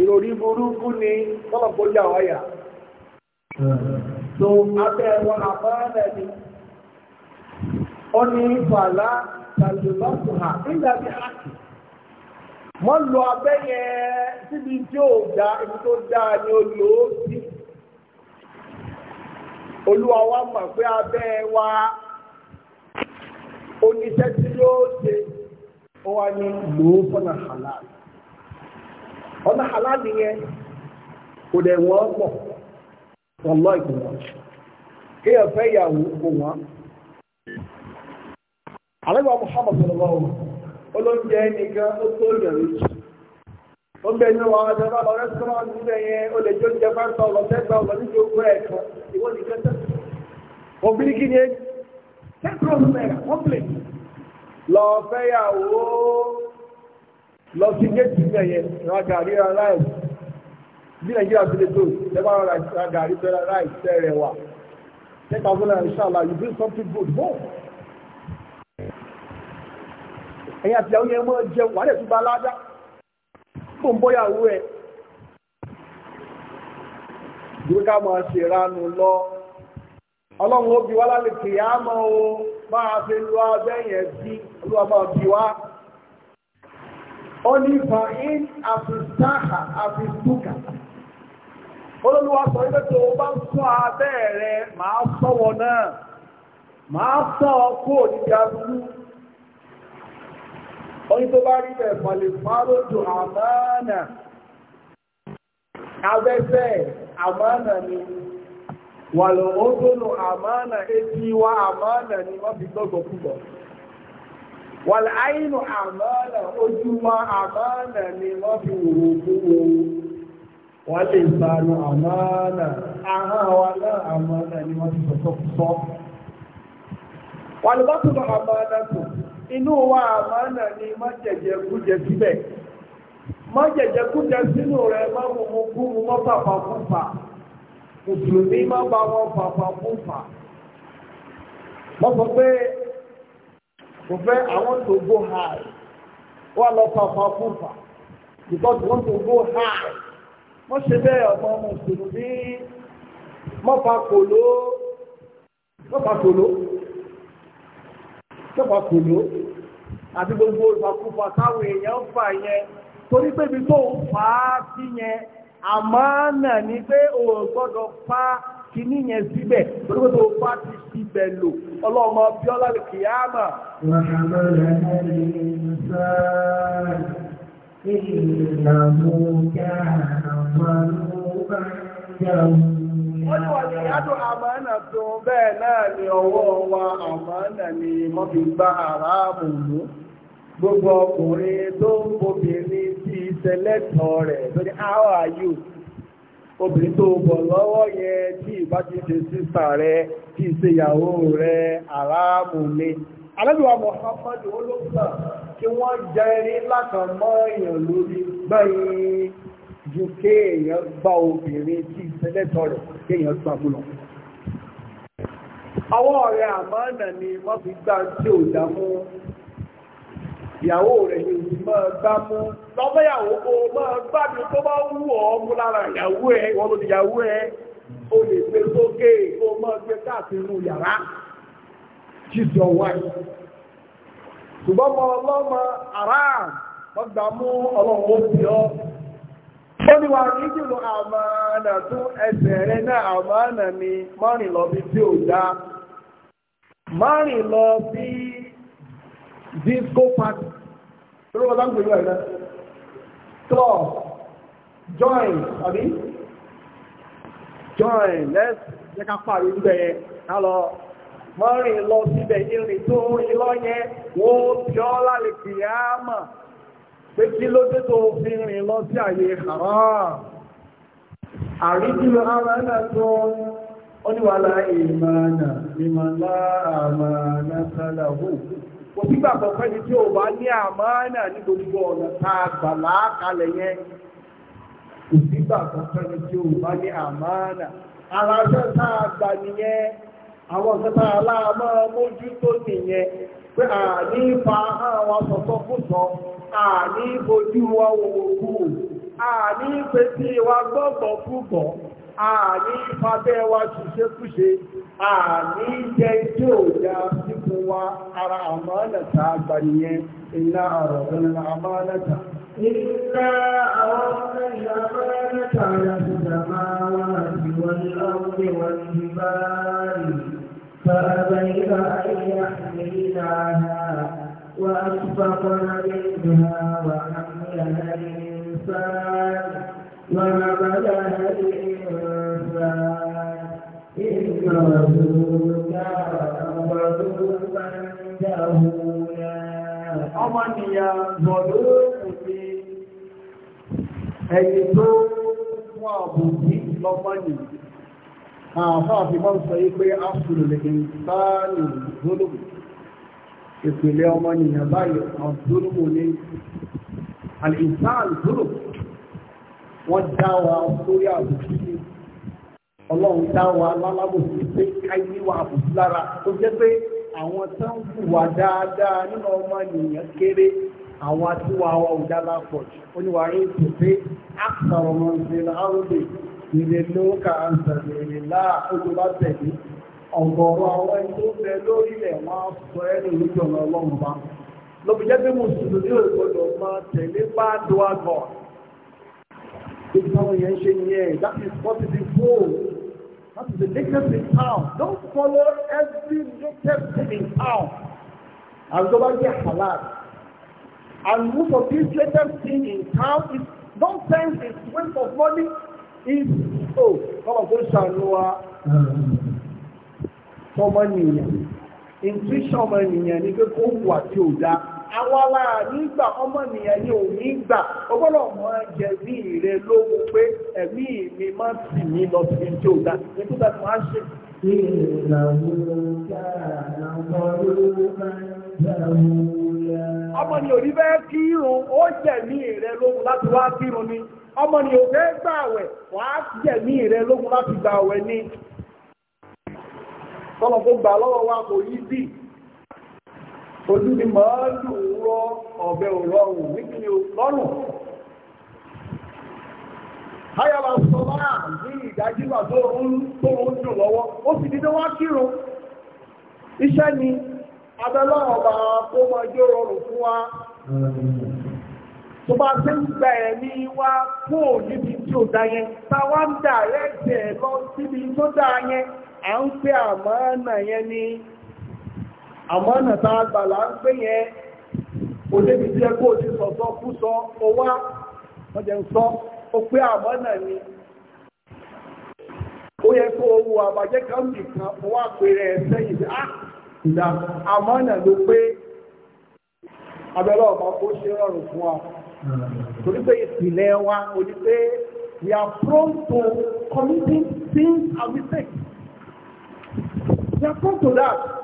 ìròrí burúkú ni tọ́lọ̀pọ̀ ọ wá yà. tó abẹ́ wọn àbáyọ̀ ni ó ní fàlà tàlùbọ́sùnà ala tí a kì ha wa. onye tí yóò ṣe ó na halal ọ̀nà halal yẹn kò dẹ̀ wọ́n pọ̀ wọ́n lọ ìgbìmọ̀ kéèyàn fẹ́ ìyàwó kò wọ́n. àlejò Muhammad sallallahu olóúnjẹ nìkan ó tó o jù O ń bẹ wa ọjọ́ bá lọ rẹ́sítọ́rọ̀tì ten thousand naira one plate. lọ fẹ́yàwó lọ sí géètì ilẹ̀ yẹn ra gàrí ra ráìsì bí nàìjíríà ti lè tó ẹ bá ra gàrí ra ráìsì tẹ́ rẹ̀ wà ten thousand naira inshallah you bring something good more. ẹ̀yin àti àwọn yẹn mọ́ jẹun wà lẹ́sùn bá ládá fún ń bóyàwó ẹ̀. ìwé ká máa ṣèrànù lọ ọlọ́run ó bí wá lálẹ́ kìyàmọ́ o máa fi lọ abẹ́yẹn sí olúwàbá bí wá ó ní fa in àfistáhà àfistúkà olóluwà sọ ilé tó bá ń sọ abẹ́ rẹ máa sọ́wọ́ náà máa sọ ọkọ̀ òdìjà lú oyin tó bá rí bẹ̀ pàlè fárójò àmánà abẹ́fẹ́ àmánà ni wàlọ̀ ọdọ́nù àmánà etí wa àmánà ni wọ́n fi gbọ́gbọ́ púpọ̀ wàlẹ̀ àyínú àmánà ojú wa àmánà ni wọ́n fi wòwò púpọ̀ wọ́n lè sànù àmánà ahọ́n wa náà àmánà ni wọ́n fi sọ̀tọ̀ sọ wàlẹ̀ bá tún àmánà tó inú wa àmánà ni má jẹjẹ kújẹ síbẹ̀ má jẹjẹ kújẹ sínú rẹ̀ má mú mú kú mú mọ́ pàpà fún pàpà mùsùlùmí má bá wọn fàfà fún fà wọ́n sọ pé kò fẹ́ àwọn tó go high wọ́n lọ fàfà fún fà because wọ́n tó go high wọ́n ṣe bẹ́ẹ̀ ọmọ mùsùlùmí mọ́fà kòló mọ́fà kòló mọ́fà kòló àti gbogbo ìfàkùfà táwọn èèyàn fà yẹn torí pé ibi tó ń fà á sí yẹn. àmọ́ náà ni pé o gbọ́dọ̀ pa kìíní yẹn síbẹ̀ pa ti síbẹ̀ lò ọlọ́mọ bíọ́lá lè kìí àmà. Wọ́n ní wọ́n ní adùn àmàánà tó bẹ́ẹ̀ náà ni ọwọ́ wa àmàánà ni mọ́bí gbá Gbogbo ọkùnrin tó ń bóbi ní ṣẹlẹ́tọ̀ rẹ̀ lórí how are you obìnrin tó bọ̀ lọ́wọ́ yẹn tí ìbá ti ṣe sísà rẹ̀ tí ṣe ìyàwó rẹ̀ aráàmù ni alẹ́lùwà Muhammadu olóògbà kí wọ́n jẹ rí látàn mọ́ èèyàn lórí gbẹ̀yìn ju kéèyàn gba obìnrin tí ìṣẹlẹ́tọ̀ rẹ̀ kéèyàn gbàgbọ́ lọ àwọn ọ̀rẹ́ àmọ́ ọ̀nà ni wọ́n fi gbá tí ò dámú ìyàwó rẹ̀ yóò ti máa gbá mú lọ́fẹ́yàwó kó máa gbá mi tó bá wù ọ́ mú lára ìyàwó ẹ̀ wọ́n ló lè gbé gbé káàkiri inú yàrá ṣùgbọ́n mọ ọlọ́mọ ará ọgbà mú ọlọ́run ó ọ́ ó ní ní jùlọ àmàánà tún ẹsẹ̀ rẹ náà àmàánà ni This go lórí ọ̀dá ń gbèrú ẹ̀ náà club join àbí join let's jẹ́ ká pàrí níbẹ̀ hello. ká lọ mọ́rin lọ síbẹ̀ irin tó ń rí lọ́yẹn wọ́n tí ọ́ lálẹ́ kìí á mà pé kí ló dé tó fi rìn lọ sí àyè haram àríjìlọ ara náà tó oníwàlá ìmànà ìmàlá àmànà sálàwò òbígbà kọ̀ọ̀kan ni tí ó wá ní àmánà ní gbogbo ọ̀nà tá gbà láàkalẹ̀ yẹn òbígbà kọ̀ọ̀kan ni tí ó wá ní àmánà ara ṣẹ́ nìyẹn àwọn ọ̀sẹ̀ tá mójútó nìyẹn pé àní fa àní ìfàbẹ́ wa ṣiṣẹ́ kúṣe àní jẹ tí ó já síkún wa ara àmánàta àgbàniyàn iná àrọ̀gbọ́n àmánàta Iná àwọn ọmọ ìyàmánàta àyàtìdà máa wà ní wọ́n ní ọmọdé wọ́n ní báyìí. فأبين أن يحملناها وأشفقن منها وحملها الإنسان ومثل الإنسان إنه كان ظلوما جهولا أمنيا ظلوم ẹni tó wọ́n àbòsí lọ́mọ́nì àfáàfin máa ń sọ yí pé a fòrò lè ìsáàlì zolómù ìpìlẹ̀ wọ́n dá wa lórí àbùkù ní ọlọ́run dá wa lálábòsí pé káyé wa àbùkù lára tó jẹ́ pé àwọn tó ń hùwà dáadáa nínú ọmọ ènìyàn kéré àwọn àtiwà wa ò dá lápọ̀ ó ní wàá rí ètò pé àkàrọ̀ ọmọ ìṣẹ̀lẹ̀ àròlé ìrè lóka àǹtàlẹ̀ èrè láà olùbá tẹ̀lé ọ̀gọ̀ọ̀rọ̀ àwọn ẹni tó bẹ lórílẹ̀ wọn á sọ ẹni ìrújọ̀nà ọlọ́run bá lóbi jẹ́ pé mùsùlùmí ò gbọdọ̀ máa tẹ̀lé bá dùn àgọ̀ Big Bang Yanshin Ye. That is what is in That is the latest in town. Don't follow every latest thing in town. And go back there halal. And most of these latest thing in town is nonsense, it's waste of money, is oh, come on, go ṣàánú wa. Sọmọ nìyẹn. Intuition ọmọ nìyẹn you go kó wà tí ò dáa. àwọn alára ọmọ ọmọnìyàn ni ò gbà ọgbọ́dọ̀ mọ jẹ̀bi lóhun pé ẹ̀mí mi máa ń tì lọ sí ìjọ ṣe. ọmọ ni ní fẹ́ kírun ó jẹ̀mí rẹ lóhun láti wá ni ọmọ ni gbà wẹ̀ wàá jẹ̀mí láti gbà wẹ̀ ni. tọ́lọ̀ fún gbà lọ́wọ́ wa kò yí bíi. ojú ni màálù rọ ọ̀bẹ òrọ̀rùn nítorí lọ́rùn ayọ̀bà sọ máa ní ìdájígbà tó ń lọ́wọ́ ó sì dídé iṣẹ́ ni abẹ́lọ́ọ̀bà kó rọrùn fún wa tó bá gbà ẹ̀ ní wá kó tí ó yẹn lọ à ń pẹ́ àmọ́ yẹn ni àmọ́ ọ̀nà tá a ń pè yẹn kò débi jẹ́ kó o ti sọ wá wọ́n ni ó yẹ kó o wo kan nìkan wá pé rẹ̀ sẹ́yìn sí ah, ìdá àmọ́ ọ̀nà ló pé abẹ́rẹ́ ọ̀bá kó ṣe rọrùn fún torí pé ìpìlẹ̀ wa ní pé we are prone to committing sins and mistakes we are prone to that.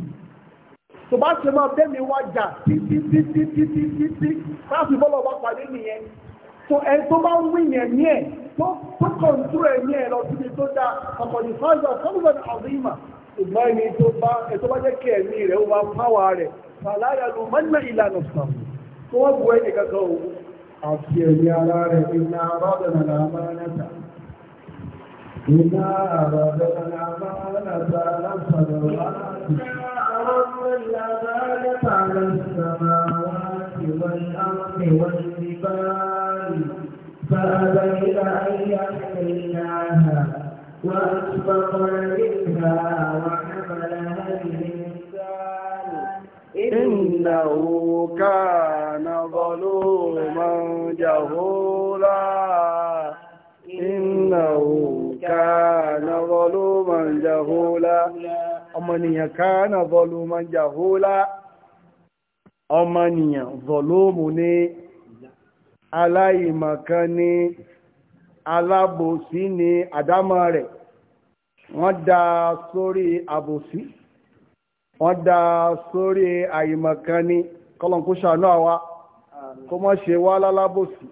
tó bá ṣe máa bẹ́ẹ̀ mi wá jà títí títí títí títí láti bọ́lọ̀ bá pàdé nìyẹn tó ẹ tó bá ń wí yẹn ní ẹ tó tó kọ̀ǹtú ẹ ní ẹ lọ síbi tó dá ọkọ̀ ní fáwọn ọ̀sán àbímà ṣùgbọ́n ẹni tó bá ẹ tó bá jẹ́ kí ẹ̀mí rẹ̀ ó wá fáwà rẹ̀ fàlàyà ló mọ́nà ìlànà sàn tó wọ́n bu ẹni kankan o àti ẹ̀mí ara rẹ̀ iná rọ́bìnrin àmánátà iná rọ́bìnrin àmánátà lásàlọ́ láti عرضنا الأمانة على السماوات والأرض والجبال فأبين أن يحملناها وأشفقن منها وحملها الإنسان إنه كان ظلوما جهولا إنه كان ظلوما جهولا ọmọnìyàn kánà zọlúmọ̀ jàhólá ọmọnìyàn zọlúmù ní aláìmọ̀kan ní alábòsí ní àdámọ̀ rẹ̀ wọ́n dá sórí àbòsí wọ́n dá sórí àìmọ̀kan ní kọlọ̀kú ṣàánú àwa kó mọ́ ṣe wá lálábòsí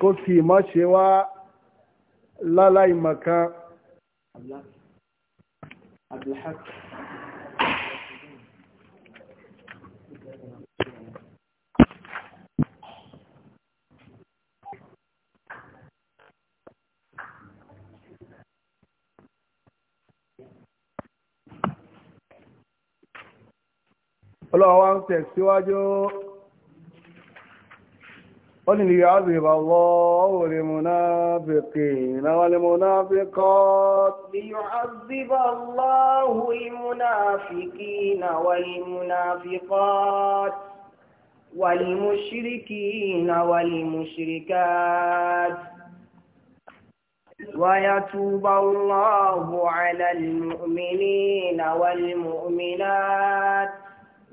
kó kì mọ́ ṣe wá láláìmọ̀kan عبد الحق ọlọ́wọ́ ń tẹ̀síwájú قل ليعذب الله المنافقين والمنافقات ليعذب الله المنافقين والمنافقات والمشركين والمشركات ويتوب الله على المؤمنين والمؤمنات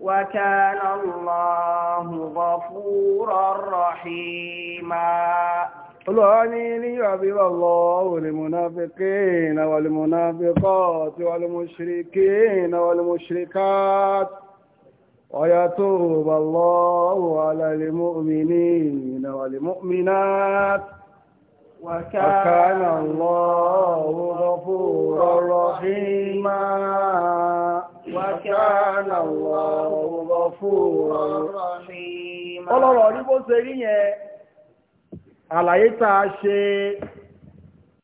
وكان الله غفورا رحيما لعنيني عبد الله والمنافقين والمنافقات والمشركين والمشركات ويتوب الله على المؤمنين والمؤمنات وكان الله غفورا رحيما Ọlọ́rọ̀ rí bó ṣe rí yẹn, àlàyé tá a ṣe,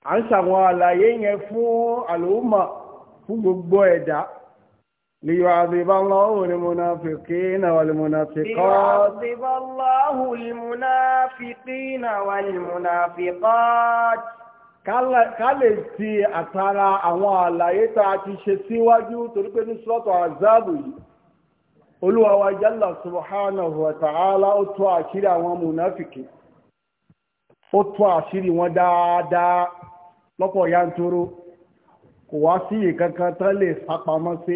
à ń ṣàwọn àlàyé yẹn fún àlòmà fún gbogbo ẹ̀dá. Lèyọ̀ àzìbá lọ́wọ́ ni mo náà fi kí náà wà lè mo náà fi kọ́. Lèyọ̀ àzìbá lọ́wọ́ ká lè fi àtara àwọn àlàyé tá a ti ṣe síwájú torí pé ní sọ́tọ̀ àzáàbù yìí wa jalla subhanahu wa ta'ala ó tó àṣírí àwọn mùnáfìkì ó tó àṣírí wọn dáadáa lọ́pọ̀ yanturu kò wá sí ìkankan tán lè sápamọ́ sí.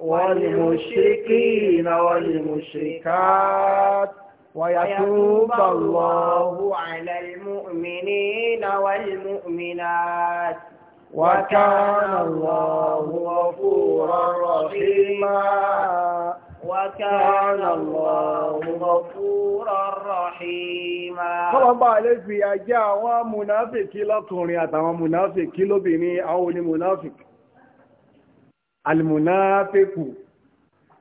والمشركين والمشركات ويتوب الله على المؤمنين والمؤمنات وكان الله غفورا رحيما وكان الله غفورا رحيما Ọlọ́bà alẹ́fì ajá àwọn múnáfìkì lọ́kùnrin منافق كيلو بني أو منافق alimunafiku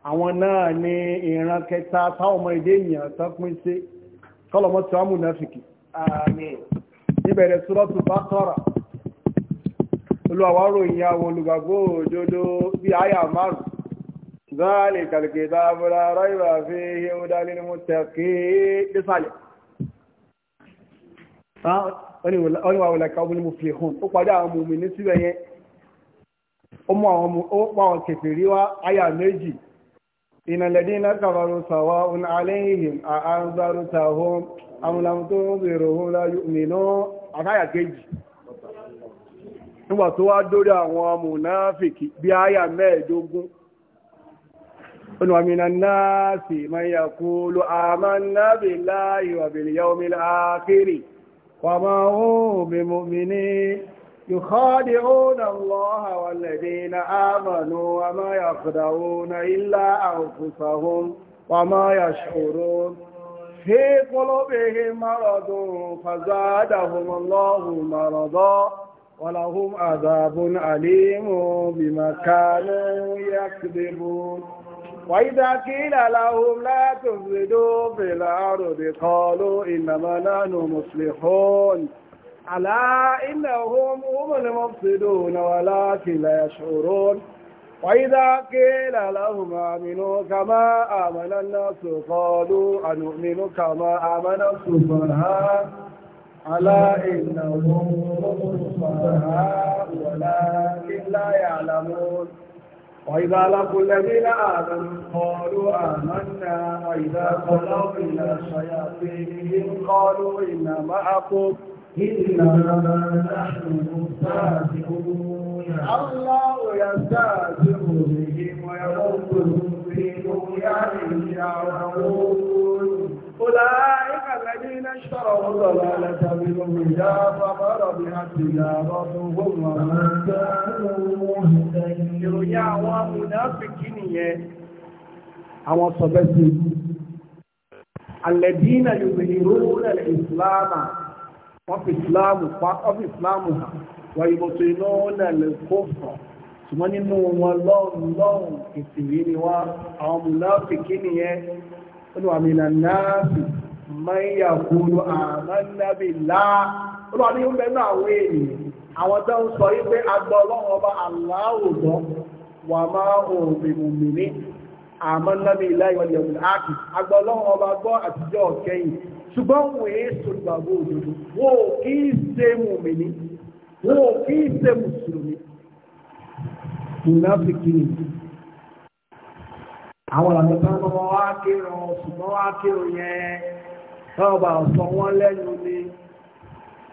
àwọn náà ni ìran kẹta táwọn ọmọ èdè èèyàn tán pín sí kọlọmọtò amúnáfikì àmín níbẹ̀rẹ̀ sọ́rọ́tù Baqara olùwàwárò ìyá àwọn olùgbàgbọ́ òdodo bíi àyà márùn ذلك الكتاب لا ريب فيه هدى للمتقين بصالح wọ́n ni wà wọ̀lẹ̀ká ọmọ ilé mú fi hàn ó padà àwọn mùmí ní síbẹ̀ yẹn ó mú àwọn ọmọ ó pa àwọn kèfèrí wá àyà méjì ìnàlẹ́dí iná kàfàrú sàwà òun àlẹ́yìn àánzárú sàwọ́ àmúlàmù tó ń bèèrè òun láyé mìíràn àkáyà kejì nígbà tó wá dórí àwọn amùnáfìkì bí àyà mẹ́ẹ̀ẹ́dógún ومن الناس من يقول آمنا بالله وباليوم الآخر وما هو بمؤمنين يخادعون الله والذين آمنوا وما يخدعون إلا أنفسهم وما يشعرون في قلوبهم مرض فزادهم الله مرضا ولهم عذاب أليم بما كانوا يكذبون وإذا قيل لهم لا تفسدوا في الأرض قالوا إنما نحن مصلحون ألا إنهم هم المفسدون ولكن لا يشعرون وإذا قيل لهم آمنوا كما آمن الناس قالوا أنؤمن كما آمن السفهاء ألا إنهم هم السفهاء ولكن لا يعلمون وإذا لقوا الذين آمنوا قالوا آمنا وإذا خلوا إلى شياطينهم قالوا إنا معكم إنما نحن مستهزئون الله يستهزئ بهم ويردهم في طغيانهم يعمهون أولئك الذين اشتروا الضلالة بالهدى فمر بها تجارتهم وما كانوا مهتدين ìròyìn àwọn amúnáfíkì nìyẹn àwọn sọ̀bẹ́sì alẹ́dínà yòbìnrin rúnà ìsìláàmù wọ́n fi ìsìláàmù pa wọ́n fi ìsìláàmù hàn wọ́n yìí mọ̀tò iná náà lè kó fún ṣùgbọ́n nínú wọn lọ́rùn lọ́rùn ìtìrí ni wá àwọn mùláàfì kí nìyẹn olùwàmìnà náà fi máa ń yàgòrò àmàlàbí láà olùwàmí ń bẹnu àwọn ènìyàn àwọn tó ń ṣùgbọ́n wọ́n èé sọ̀rọ̀gbàgbọ́ òdodo wọ́n ò kí í ṣe mùmìnì wọ́n ò kí í ṣe mùsùlùmí mùnáfíkì ni àwọn àgbẹ̀tàn ọmọ wa kírun ṣùgbọ́n wa kírun yẹn ọba ọ̀sán wọn lẹ́nu ni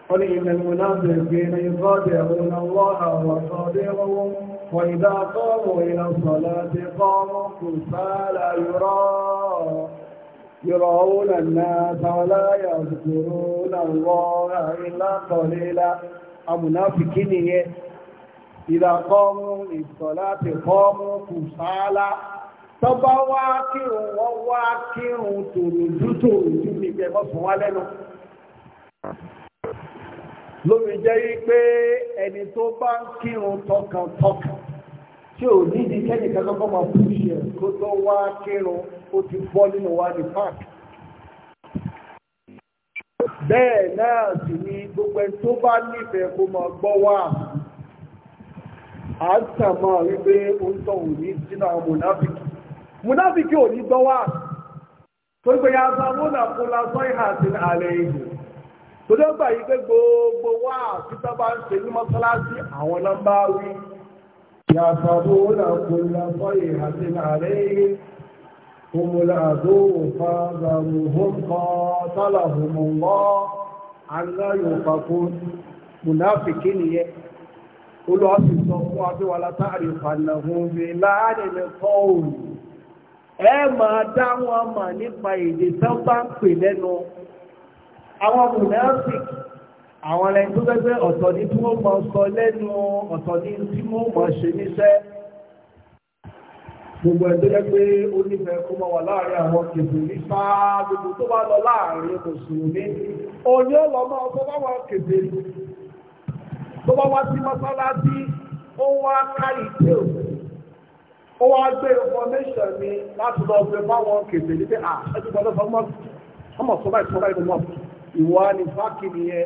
قل إن المنافقين يخادعون الله وصادرهم وإذا قاموا إلى الصلاة قاموا كسالى يراء يرعون الناس ولا يذكرون الله إلا قليلا المنافقين نية إذا قاموا للصلاة قاموا كسالى tọ́bá wá kírun wọ́n wá kírun tòròjú tòròjú ní ìjẹmọ́ fún wá lẹ́nu lórí jẹ́ wípé ẹni tó bá ń kírun tọkàntọkàn tí ò ní di kẹ́yìn kan máa fún iṣẹ́ kó tó wá kírun ó ti bọ́ nínú wa ní park. bẹ́ẹ̀ náà sì ni gbogbo ẹni tó bá nífẹ̀ẹ́ kó máa gbọ́ wá ń tàn máa wípé ó ń sínú àwọn mùnáfíkì mùnáfíkì ò ní gbọ́ wá torí pé gbogbo wá bá ń ṣe ní mọ́sálásí يعتبون كل صيحة عليه هم العدو فاذروهم قاتلهم الله عنا يوقفون منافقين يأ Olúwa sì sọ fún wa pé wà látàrí ìfànàhùn fi láàrin ẹ̀kọ́ òun. Ẹ máa dá wọn mà nípa èdè tán bá ń pè lẹ́nu. Àwọn mùnáfíkì àwọn ẹni tó gbẹ́gbẹ́ ọ̀tọ̀ ní tí wọ́n mọ̀ sọ lẹ́nu ọ̀tọ̀ ní tí wọ́n mọ̀ ṣe níṣẹ́ gbogbo ẹ̀ tó gbẹ́gbẹ́ ó nífẹ̀ẹ́ kó mọ̀ wà láàrin àwọn kèfèrí nípa gbogbo tó bá lọ láàrin mùsùlùmí òní ó lọ mọ́ ọ̀tọ̀ báwọn kèfèrí tó bá wá sí mọ́sálásí ó wá kárí tè ó ó wá gbé information mi láti lọ gbé báwọn kèfèrí pé à ẹ ti gbọ́dọ̀ sọ mọ́ ọmọ sọ báyìí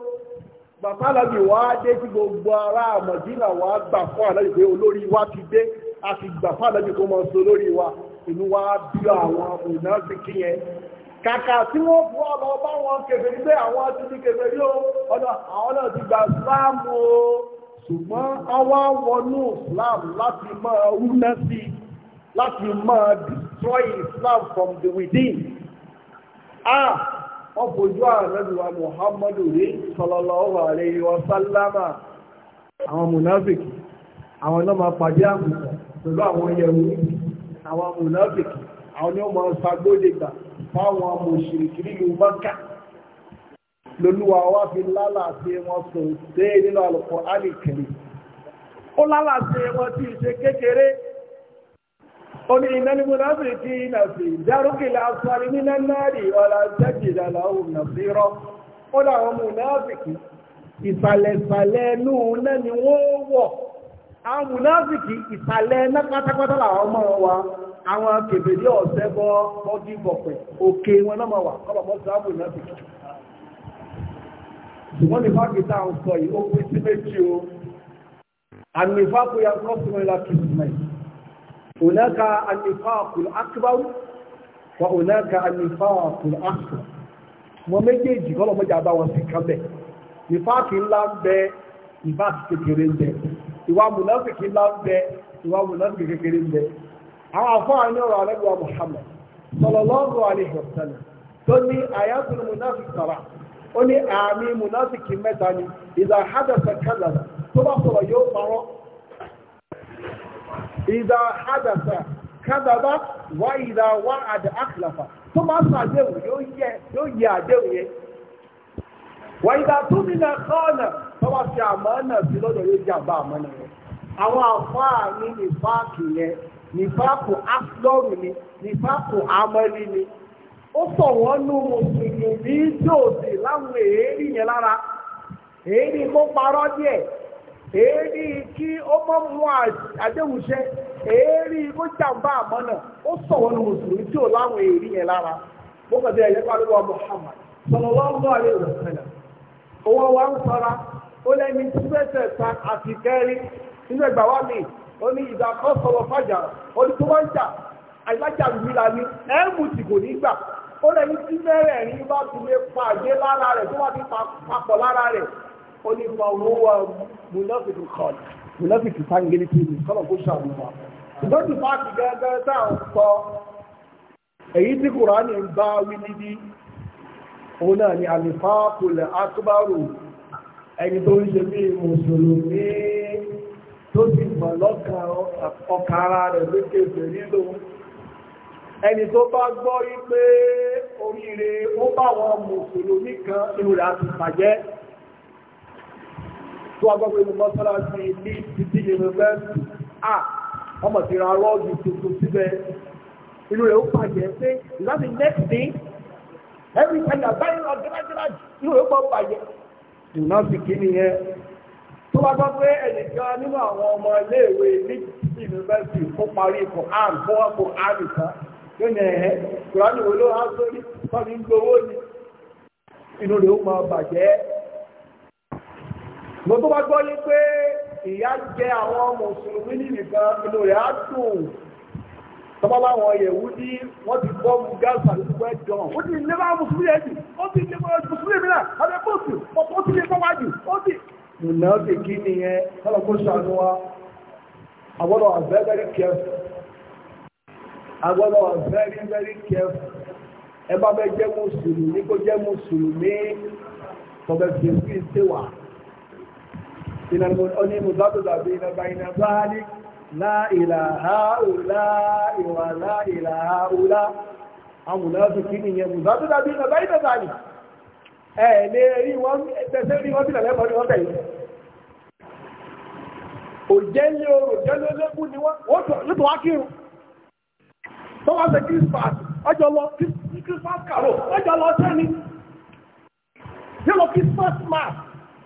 bàtà alábì wá dé tí gbogbo ará àmọ̀dínà wá gbà fún alábì pé olórí wa ti dé a ti gbà fún alábì kó máa so lórí wa inú wa bí àwọn ọ̀nà ti kí yẹn kàkà tí wọ́n fún ọ̀nà ọba wọn kèfèrí pé àwọn ti di kèfèrí o ọ̀nà àwọn náà ti gbà síláàmù o ṣùgbọ́n àwa wọnú islam láti máa rúná sí láti máa destroy islam from the within. Ah, ọ̀bọ̀jú àrẹ́bíwá muhammadu rí sallallahu alayhi wa sallama àwọn munafiki àwọn náà máa pàdé àbùkù pẹ̀lú àwọn yẹ̀wù àwọn munafiki àwọn yóò máa sagbódegbà fáwọn mùsùlùmí ìlú mọ́kà lolúwa wá fi lálàáfíà wọn sọ dé nínú àlùkò alìkiri ó lálàáfíà wọn tí ì ṣe kékeré oní ìnáni múnáfì tí nàfì dárúkìlá asfali nínà náàrí ọ̀là jẹ́jìdà láhùn nàfì rọ ó láwọn múnáfì kí ìsàlẹ̀sàlẹ̀ inú náà ni wọ́n wọ̀ àwọn múnáfì kí ìsàlẹ̀ náà pátápátá làwọn mọ̀ wa àwọn kèbèrè ọ̀sẹ̀ bọ́ bọ́gí bọ̀pẹ̀ هناك النفاق الأكبر وهناك النفاق الأكبر wọ́n méjèèjì kọ́lọ̀ mọ́jà bá wọn sí kan bẹ̀ nífàkì ńlá ń bẹ ìbáàkì kékeré ń bẹ ìwà mùnáfìkì ńlá ń bẹ ìwà mùnáfìkì kékeré ń bẹ àwọn àfáà ní ọ̀rọ̀ alẹ́gbẹ̀wà Muhammad sallallahu alaihi wasallam tó ní àyàtúrú mùnáfìkì sara ó ní àmì mùnáfìkì mẹ́ta ni ìdá hadatha kadhaba tó bá sọ̀rọ̀ yóò parọ́ ìdá àdàtà kádàbá wá ìdá wá àdà àkìlàfà tó bá sọ àdéhùn yóò yẹ àdéhùn yẹ wà ìdá tó ní na kọ́ọ̀nà tó fi sí lọ́dọ̀ yóò jẹ́ àbá àmọ́nà rẹ̀ àwọn àfáà ní nìfáàkì yẹn nìfáàkù aflọ́rù ni ni ó sọ nú mùsùlùmí jòdì láwọn yẹn lára kó parọ́ èérí kí ó mọ́ mú àdéhùnṣẹ́ èérí kó jàǹbá àmọ́nà ó sọ̀wọ́ ní mùsùlùmí tí ò láwọn èrí yẹn lára bó kàdé ẹ̀yẹ́ pariwo owó wa ń sọra ó lẹ́ni tí fẹ́sẹ̀ wa mi ó ní ìgbà kan sọ̀rọ̀ fàjà ó ní tó wá ń jà ni ẹ̀ẹ́mù tì kò ní gbà ó lẹ́ni tí mẹ́rẹ̀ẹ̀rin bá ti lè pàdé lára rẹ̀ tó ó ní fa owó wa munafiki kan munafiki sangele tí mi kọ́nà kó ṣàmù wa ṣùgbọ́n tí fáàkì gẹ́gẹ́ tá à ń sọ èyí tí kùránì ń bá wí níbi òun náà ni àlìfáàkù lẹ̀ akúbárù ẹni tó ń ṣe bí mùsùlùmí tó ti mọ̀ lọ́kàn ọkàrà rẹ̀ lókè fèrí lóhun ẹni tó bá gbọ́ rí pé oríire ó bá wọn mùsùlùmí kan inú rẹ̀ á ti tó ní títí ọmọ ti ra tuntun síbẹ̀ inú rẹ̀ ó pàjẹ́ pé láti next day every time you a garage inú rẹ̀ ó pọ̀ pàjẹ́ yunifásitì ni yẹn tó bá gbọ́ pé ẹnìkan nínú àwọn ọmọ iléèwé ní títí parí kan ni inú rẹ̀ ó mo tó bá gbọ́ yí pé ìyá jẹ àwọn mùsùlùmí nìkan inú rẹ̀ á dùn tọ́pá láwọn yẹ̀wú ní wọ́n ti bọ́ mu gáàsà ní gbogbo ẹjọ́ ó ti lé bá mùsùlùmí ẹ̀ jù ó ti lé bá mùsùlùmí mi náà abẹ́ bóòtù ó ti lé bọ́wá jù ó ti. mùnà ti kí nìyẹn kọ́lọ̀ kó ṣàánú wa àgbọ́dọ̀ wà very very careful àgbọ́dọ̀ wà very careful ẹ bá bẹ jẹ́ mùsùlùmí kó jẹ́ mùsùlùmí tọ́bẹ̀ fi èsì ìṣèwà oní mùsàtòdà bí iná bá iná bá ní láìláha òlá ìwà láìláha òlá amùnáfi kí nìyẹn mùsàtòdà bí iná bá iná bá ní ẹ̀ lè rí wọ́n tẹ̀sẹ̀ rí wọ́n sílẹ̀ lẹ́kọ̀ọ́ ní wọ́n tẹ̀yìn òjẹ́lé oòrùn jẹ́lé ológun ni ọjọ́ lọ christmas carol lọ sẹ́ni yóò lọ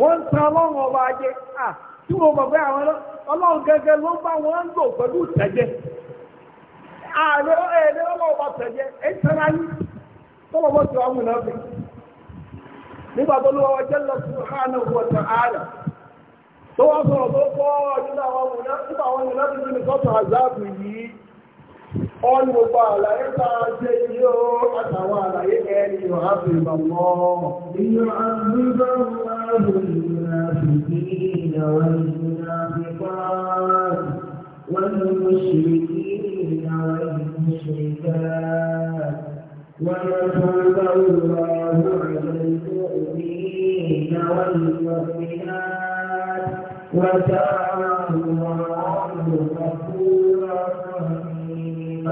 wọ́n ń tan ọlọ́run ọba ajé ah tí mo mọ̀ àwọn ọlọ́run gẹ́gẹ́ ló ń bá wọn ń lò pẹ̀lú ìtẹ́jẹ́ ààrẹ ẹ̀ẹ́dẹ́ ọlọ́run bá tẹ̀jẹ́ ẹ̀ ń tẹ́ra yín tọ́lọ̀ bọ́ ti wà mú náà fi nígbà tó lọ́wọ́ jalla subhanahu wa ta'ala tó wá sọ̀rọ̀ tó kọ́ náà mú náà ọlùgbà àlàyé tàà jẹ́ ilé ó àtàwọn àlàyé ẹni yóò á fi bàmọ́. Ìyọ àdúgbò láàrùn ìrìnàfìdí ìyàwó ìrìnàfìpá wọ́n ni mo ṣe kí ìyàwó ìrìnàfìpá wọ́n yóò tó lọ́wọ́ lọ́wọ́ ìrìnàfìpá ìyàwó ìrìnàfìpá wọ́n dáa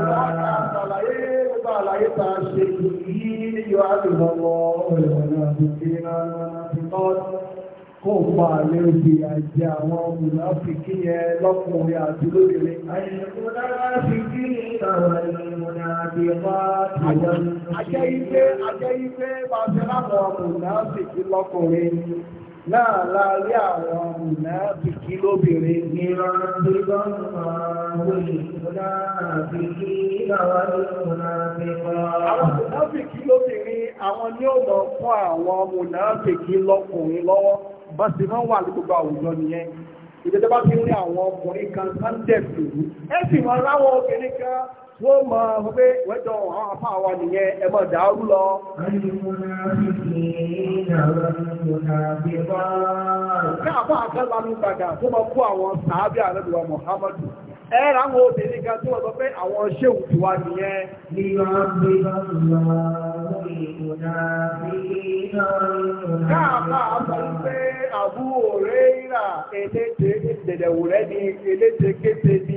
Àlàyé gbogbo àlàyé ta ṣe yìí ní yọ àdìmọ́lọ́ ìrọ̀lẹ́ àdìsí náà ti tọ́ kó pa àlẹ́ òbí àti lóbìnrin. àjẹ́ ìgbé bá ṣe láwọn mùnáfìkì lọ́kùnrin náà láàárín àwọn ọ̀nà kìkì lóbìnrin ní àwọn ní ó lọ fún àwọn mùnáfìkì lọ́kùnrin lọ́wọ́ bá sì máa wà ní gbogbo àwùjọ nìyẹn ìdẹ́jọba fi ní àwọn ọkùnrin kan sáńtẹ̀ pẹ̀lú ẹ́sì wọn láwọn obìnrin kan tí ó mọ̀ ọ́n pé wẹ́jọ àwọn afá wa nìyẹn ẹgbọ́ dàárú lọ. Ní àfá àkẹ́lá ní gbàgà tó mọ kú àwọn sàábí àrẹ́lúwà Mọ̀hámọ́dù. Ẹ̀rọ àwọn obìnrin kan tó wọ́n pé àwọn ṣéwù ti wá nìyẹn. Káàfá àfọ́ pé àbúrò rẹ̀ ìrà eléte dẹ̀dẹ̀wò rẹ̀ ni eléte kéte ni.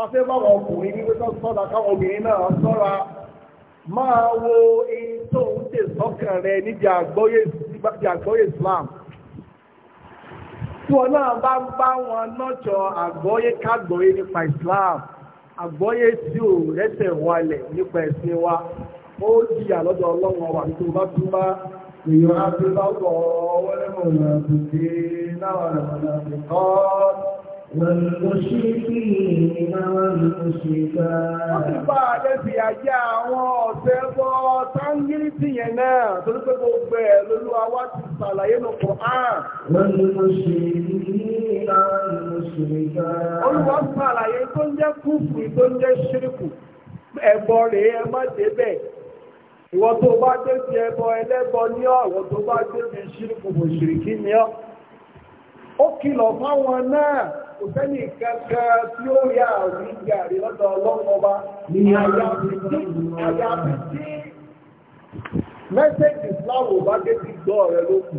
pàṣẹ báwọn ọkùnrin ní pẹ́tọ́ sọ́dà káwọn obìnrin náà sọ́ra máa wo in tó ń tè sọ́kàn rẹ Islam tí wọn náà bá ń bá wọn nọ́jọ́ nípa Islam àgbọ́yé tí ò rẹ́sẹ̀ wálẹ̀ nípa ẹ̀sìn wa ó jìyà lọ́dọ̀ ọlọ́run ọwà tó bá tún bá والمشركين والمشركات. Wọ́n ti bá àdé fi àjẹ́ àwọn ọ̀sẹ̀ bọ́ táńgírìtì yẹn náà torí pé gbogbo ẹ̀ lolúwa wá ti ṣàlàyé nù Kùrán. والمشركين والمشركات. Olúwa ṣàlàyé tó ń jẹ́ kúfù tó ń jẹ́ ṣírìkù. Ẹ̀bọ rèé ẹ má Ó kìlọ̀ fáwọn náà kò sẹ́ni kankan tí ó rí àrí gàrí lọ́dọ̀ ọlọ́pọ̀ ọba àyàfi tí mẹ́sẹ̀jì bá dé ti gbọ́ rẹ lókù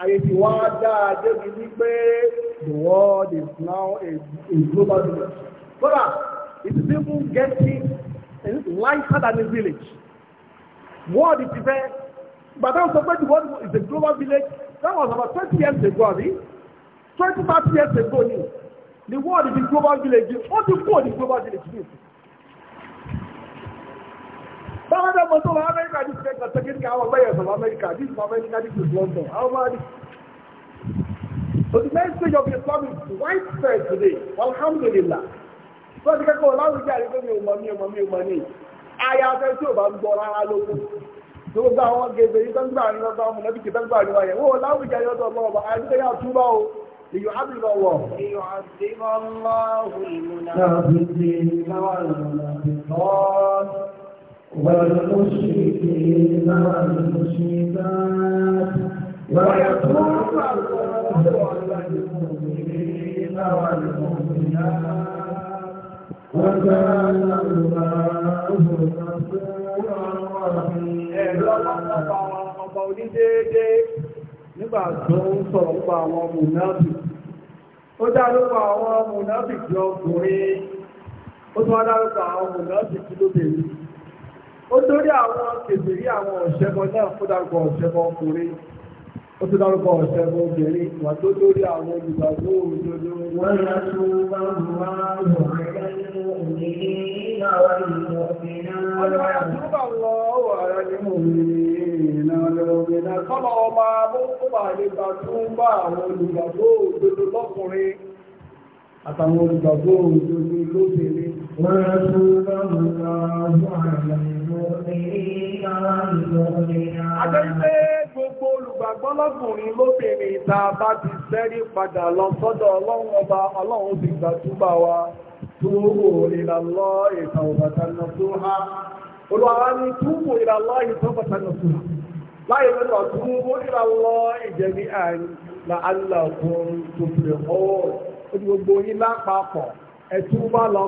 ayé ti wá dáa débi wípé the world is now a, a global village kódà it's people getting lighter than a village world is ìfẹ́ gbàdá sọ pé the world is a global village that was about 20 years ago 20, twenty years ago ni the world is global village ó ti kúrò ní global village ní ìsìn báwọn ọmọ tó wà amẹ́ríkà ní ìsìn ẹ̀kọ́ sẹ́kẹ́rì káwọn ọgbẹ́yẹ̀ sọ̀rọ̀ amẹ́ríkà this is amẹ́ríkà this is london àwọn ọmọ adé so the message of Islam is widespread today alhamdulillah so ti kẹ́kọ̀ọ́ láwùjọ àríkọ́ mi ò mọ̀ mi ò mọ̀ mi ò mọ̀ ní ayáfẹ́ tí ò bá ń gbọ́ rárá lókun gbogbo àwọn gèbè yìí tó ń gbà ní ọgbà ọmọ lẹ́bìkì tó ń gbà ní wáyé wọ́n láwùjọ ayọ́dọ̀ ọlọ́ọ̀bà àríkọ́ yà túbọ̀ o ليعذب الله ليعذب الله المنافقين والمنافقات والمشركين والمشركات ويطوف الله على المؤمنين والمؤمنات وكان الله غفورا رحيما. Ọba onídéédéé nígbà tó ń sọ̀rọ̀ pa àwọn ọmọ náà ó dárúkọ àwọn mùnáfìkì ọkùnrin ó tún wá dárúkọ àwọn mùnáfìkì lóbìnrin ó torí àwọn kèbèrè àwọn ọ̀ṣẹ́bọ náà ó dárúkọ ọ̀ṣẹ́bọ ọkùnrin ó tó dárúkọ ọ̀sẹ̀ obìnrin wà tó lórí àwọn olùgbàgbọ́ òjòjò wọ́n yá tó bá wà Kọ́lọ̀ ọmọ abúkúbà nígbà tó ń bá àwọn olùgbàgbọ́ òjòjò lọ́kùnrin àtàwọn olùgbàgbọ́ òjòjò lóbìnrin. Wọ́n yá tó bá wà àwọn àlàyé gbogbo olùgbàgbọ́ lọ́kùnrin lóbìnrin ìta bá ti sẹ́rí padà lọ sọ́dọ̀ ọlọ́run ọba ọlọ́run ti gbà túbà wa túwò ìrànlọ́ ìtàwọ̀bàtànà tó há olùwàrá ní túwò ìrànlọ́ ìtàwọ̀bàtànà tó há láyé lọ́nà túwò ìrànlọ́ ìjẹ̀bí àárín la aláàkùn tó fi ọwọ́ gbogbo yín lápapọ̀ ẹ̀túbà lọ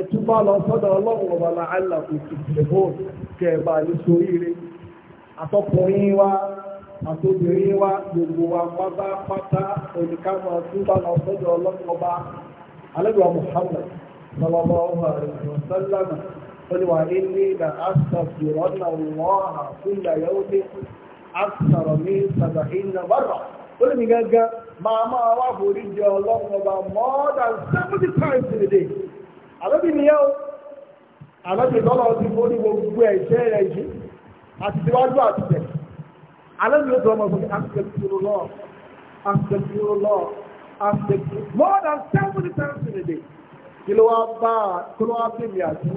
ẹtúbá lọ sọ́dọ̀ ọlọ́run ọba làálà kò sì lèbó kẹba nítoríire àtọkùnrin wa àtobìnrin wa gbogbo wa pátápátá oníkàmọ ẹtúbá lọ sọ́dọ̀ ọlọ́run ọba alẹ́gbẹ̀wá Muhammad sọlọ́mọ ọba rẹ̀ sọ́lámà olùwà ilé ìdá àṣàfìrọ́nà wọ́n àkúndà yóò dé àṣàrọ̀ mi sàbà ìnà bàrà olùmí gángan máa máa wá forí jẹ ọlọ́run ọba more than seventy times in a day àlọ́bì nìyẹn o àlọ́bì lọ́lọ́ ti borí gbogbo ẹ̀ṣẹ̀ rẹ̀ yìí àti tiwájú àtìtẹ̀ àlọ́bì ó tọ́ ọmọ sókè àtẹ̀kùrù lọ àtẹ̀kùrù lọ àtẹ̀kùrù more than seventy times in a day kí ló wá bá kí ló wá bèbè àti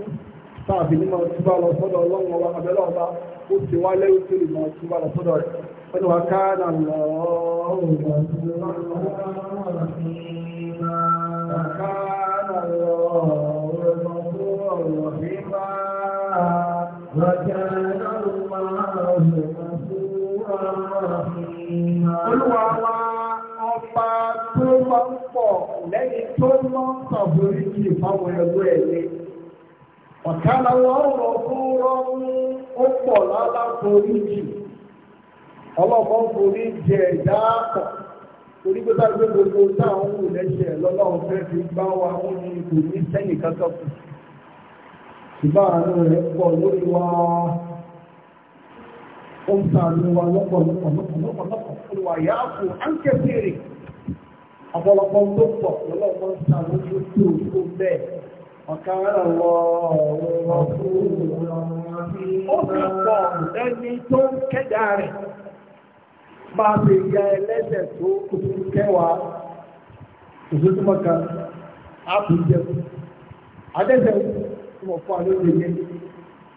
tàbí ní ma túbà lọ sọ́dọ̀ ọlọ́run ọba abẹ́lẹ́ ọba ó ti wá lẹ́yìn tó lè ma túbà lọ sọ́dọ̀ rẹ̀ wọ́n ti wá ká nà lọ́ọ́ وكان الله غفورا رحيما olúwa ọba tó máa ń pọ̀ lẹ́yìn tó máa ń sàbórí kiri fáwọn ẹgbẹ́ ẹ̀lẹ́ ọ̀kánà wọn rọ̀ fún rọ́mú ó pọ̀ láláborí jì ọlọ́mọ borí jẹ ẹ̀dá pọ̀ onígbẹ́ta gbé gbogbo táwọn ò lẹ́sẹ̀ lọ́lọ́run fẹ́ ìbáàánú rẹ̀ pọ̀ lórí wa ó ń sàánú wa lọ́pọ̀lọpọ̀ lọ́pọ̀lọpọ̀ olùwà yáàfù áńkẹ́sìrì ọ̀pọ̀lọpọ̀ tó pọ̀ lọ́lọ́pọ̀ ń sàánú tó tó tó bẹ́ẹ̀ ọ̀ká lọ ọ̀rọ̀ fún ó sì pọ̀ ẹni tó ń kẹ́dà rẹ̀ máa fi ya ẹlẹ́sẹ̀ tó kùtù kẹwàá òṣèlú mọ́ka á kù jẹ́ adẹ́sẹ̀ ó mọ̀ fún wa lórí ilé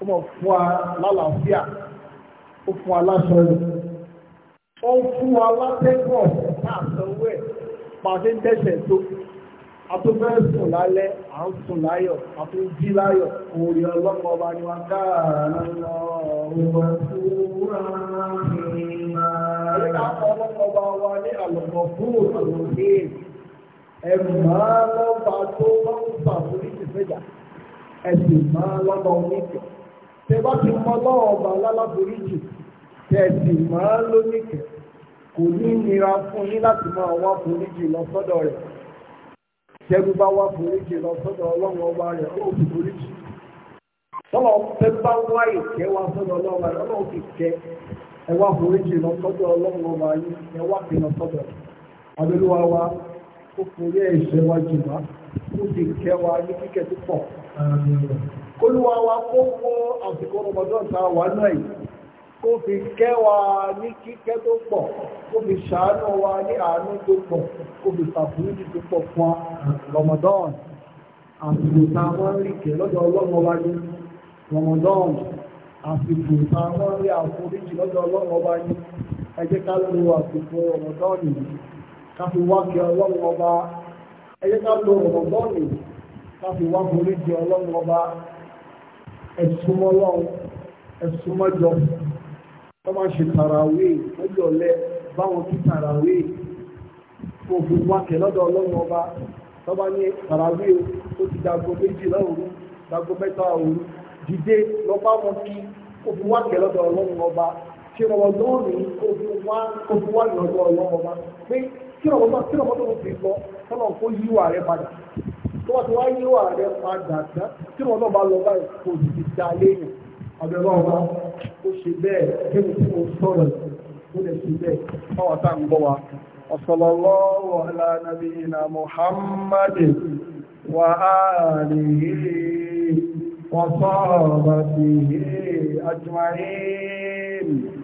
ó mọ̀ fún wa lálàáfíà ó fún wa láṣọ rẹ̀ ó fún wa látẹ́gbọ̀n láàtọ̀wọ́ ẹ̀ pàdé ń tẹ̀sẹ̀ tó atúfẹ́ sùn lálẹ́ à ń sùn láyọ̀ àtún jí láyọ̀ òòrì ọlọ́pọ̀ ọba ni wọn káàrà lọ ọ̀rọ̀ fúnra mi máa rí ọlọ́pọ̀ ọba wa ní àlọ́pọ̀ fún òṣèlú ẹ̀rù máa lọ́ba tó bá ń fà fún ìṣẹ̀fẹ́jà ẹ̀sìn máa lọ́nà oníkẹ̀. Tẹ bá ti mọ lọ́wọ́ ọba lálábòríjì, tẹ̀sìn máa lóníkẹ̀. Kò ní nira fún yín láti máa wá foríjì lọ sọ́dọ̀ rẹ̀. Tẹ́rú bá wá foríjì lọ sọ́dọ̀ ọlọ́run ọba rẹ̀, ọlọ́run ti foríjì. Tọ́lọ̀ tẹ́ bá wá ìkẹ́ wá sọ́dọ̀ ọlọ́run ọba rẹ̀, ọlọ́run ti kẹ́ ẹ wá foríjì lọ sọ́dọ̀ ọlọ́run ọba yín, ẹ wá fi lọ sọ́dọ̀ rẹ̀. Abẹ́lúwa wa, ó forí ẹ̀ ìṣẹ́wájú wa, ó sì kẹ́ wa ní kíkẹ́ tó pọ̀. Olúwa wa kó fún àsìkò Ramadan ta wà náà yìí, kó fi kẹ́wàá ní kíkẹ́ tó pọ̀, kó fi ṣàánú wa ní àánú tó pọ̀, kó fi ṣàfúrúdì tó pọ̀ fún Ramadan. Àsìkò ta wọ́n rí kẹ́ lọ́dọ̀ ọlọ́run ọba ní Ramadan. Àsìkò ta wọ́n rí láti wá borí di ọlọ́run ọba ẹ̀sùnmọ́ ọlọ́run ẹ̀sùnmọ́jọ wọ́n máa ṣe tàràwé lọ́jọ́ ọ̀lẹ́ báwọn kí tàràwé fún òfin wákẹ́ lọ́dọ̀ ọlọ́run ọba wọ́n bá ní tàràwé ó ti dàgbọ́ méjì lọ́rùn dàgbọ́ mẹ́ta òru dìde lọ bá wọn kí òfin wákẹ́ lọ́dọ̀ ọlọ́run ọba ṣe rọ̀wọ̀ lóòrùn òfin wá lọ́dọ̀ ọlọ́run ọba pé kí tó wọ́n ti wá yí wà rẹ̀ padà tán tí wọ́n náà bá lọ báyìí kò sì ti ta léyìn abẹ́rẹ́ ọ̀la ó ṣe bẹ́ẹ̀ kí ni kí mo sọ̀rọ̀ ó lè ṣe bẹ́ẹ̀ fáwọn tá ń bọ̀ wa. sallallahu ala nabiyina muhammadin wa alihi wa sahbihi ajma'in.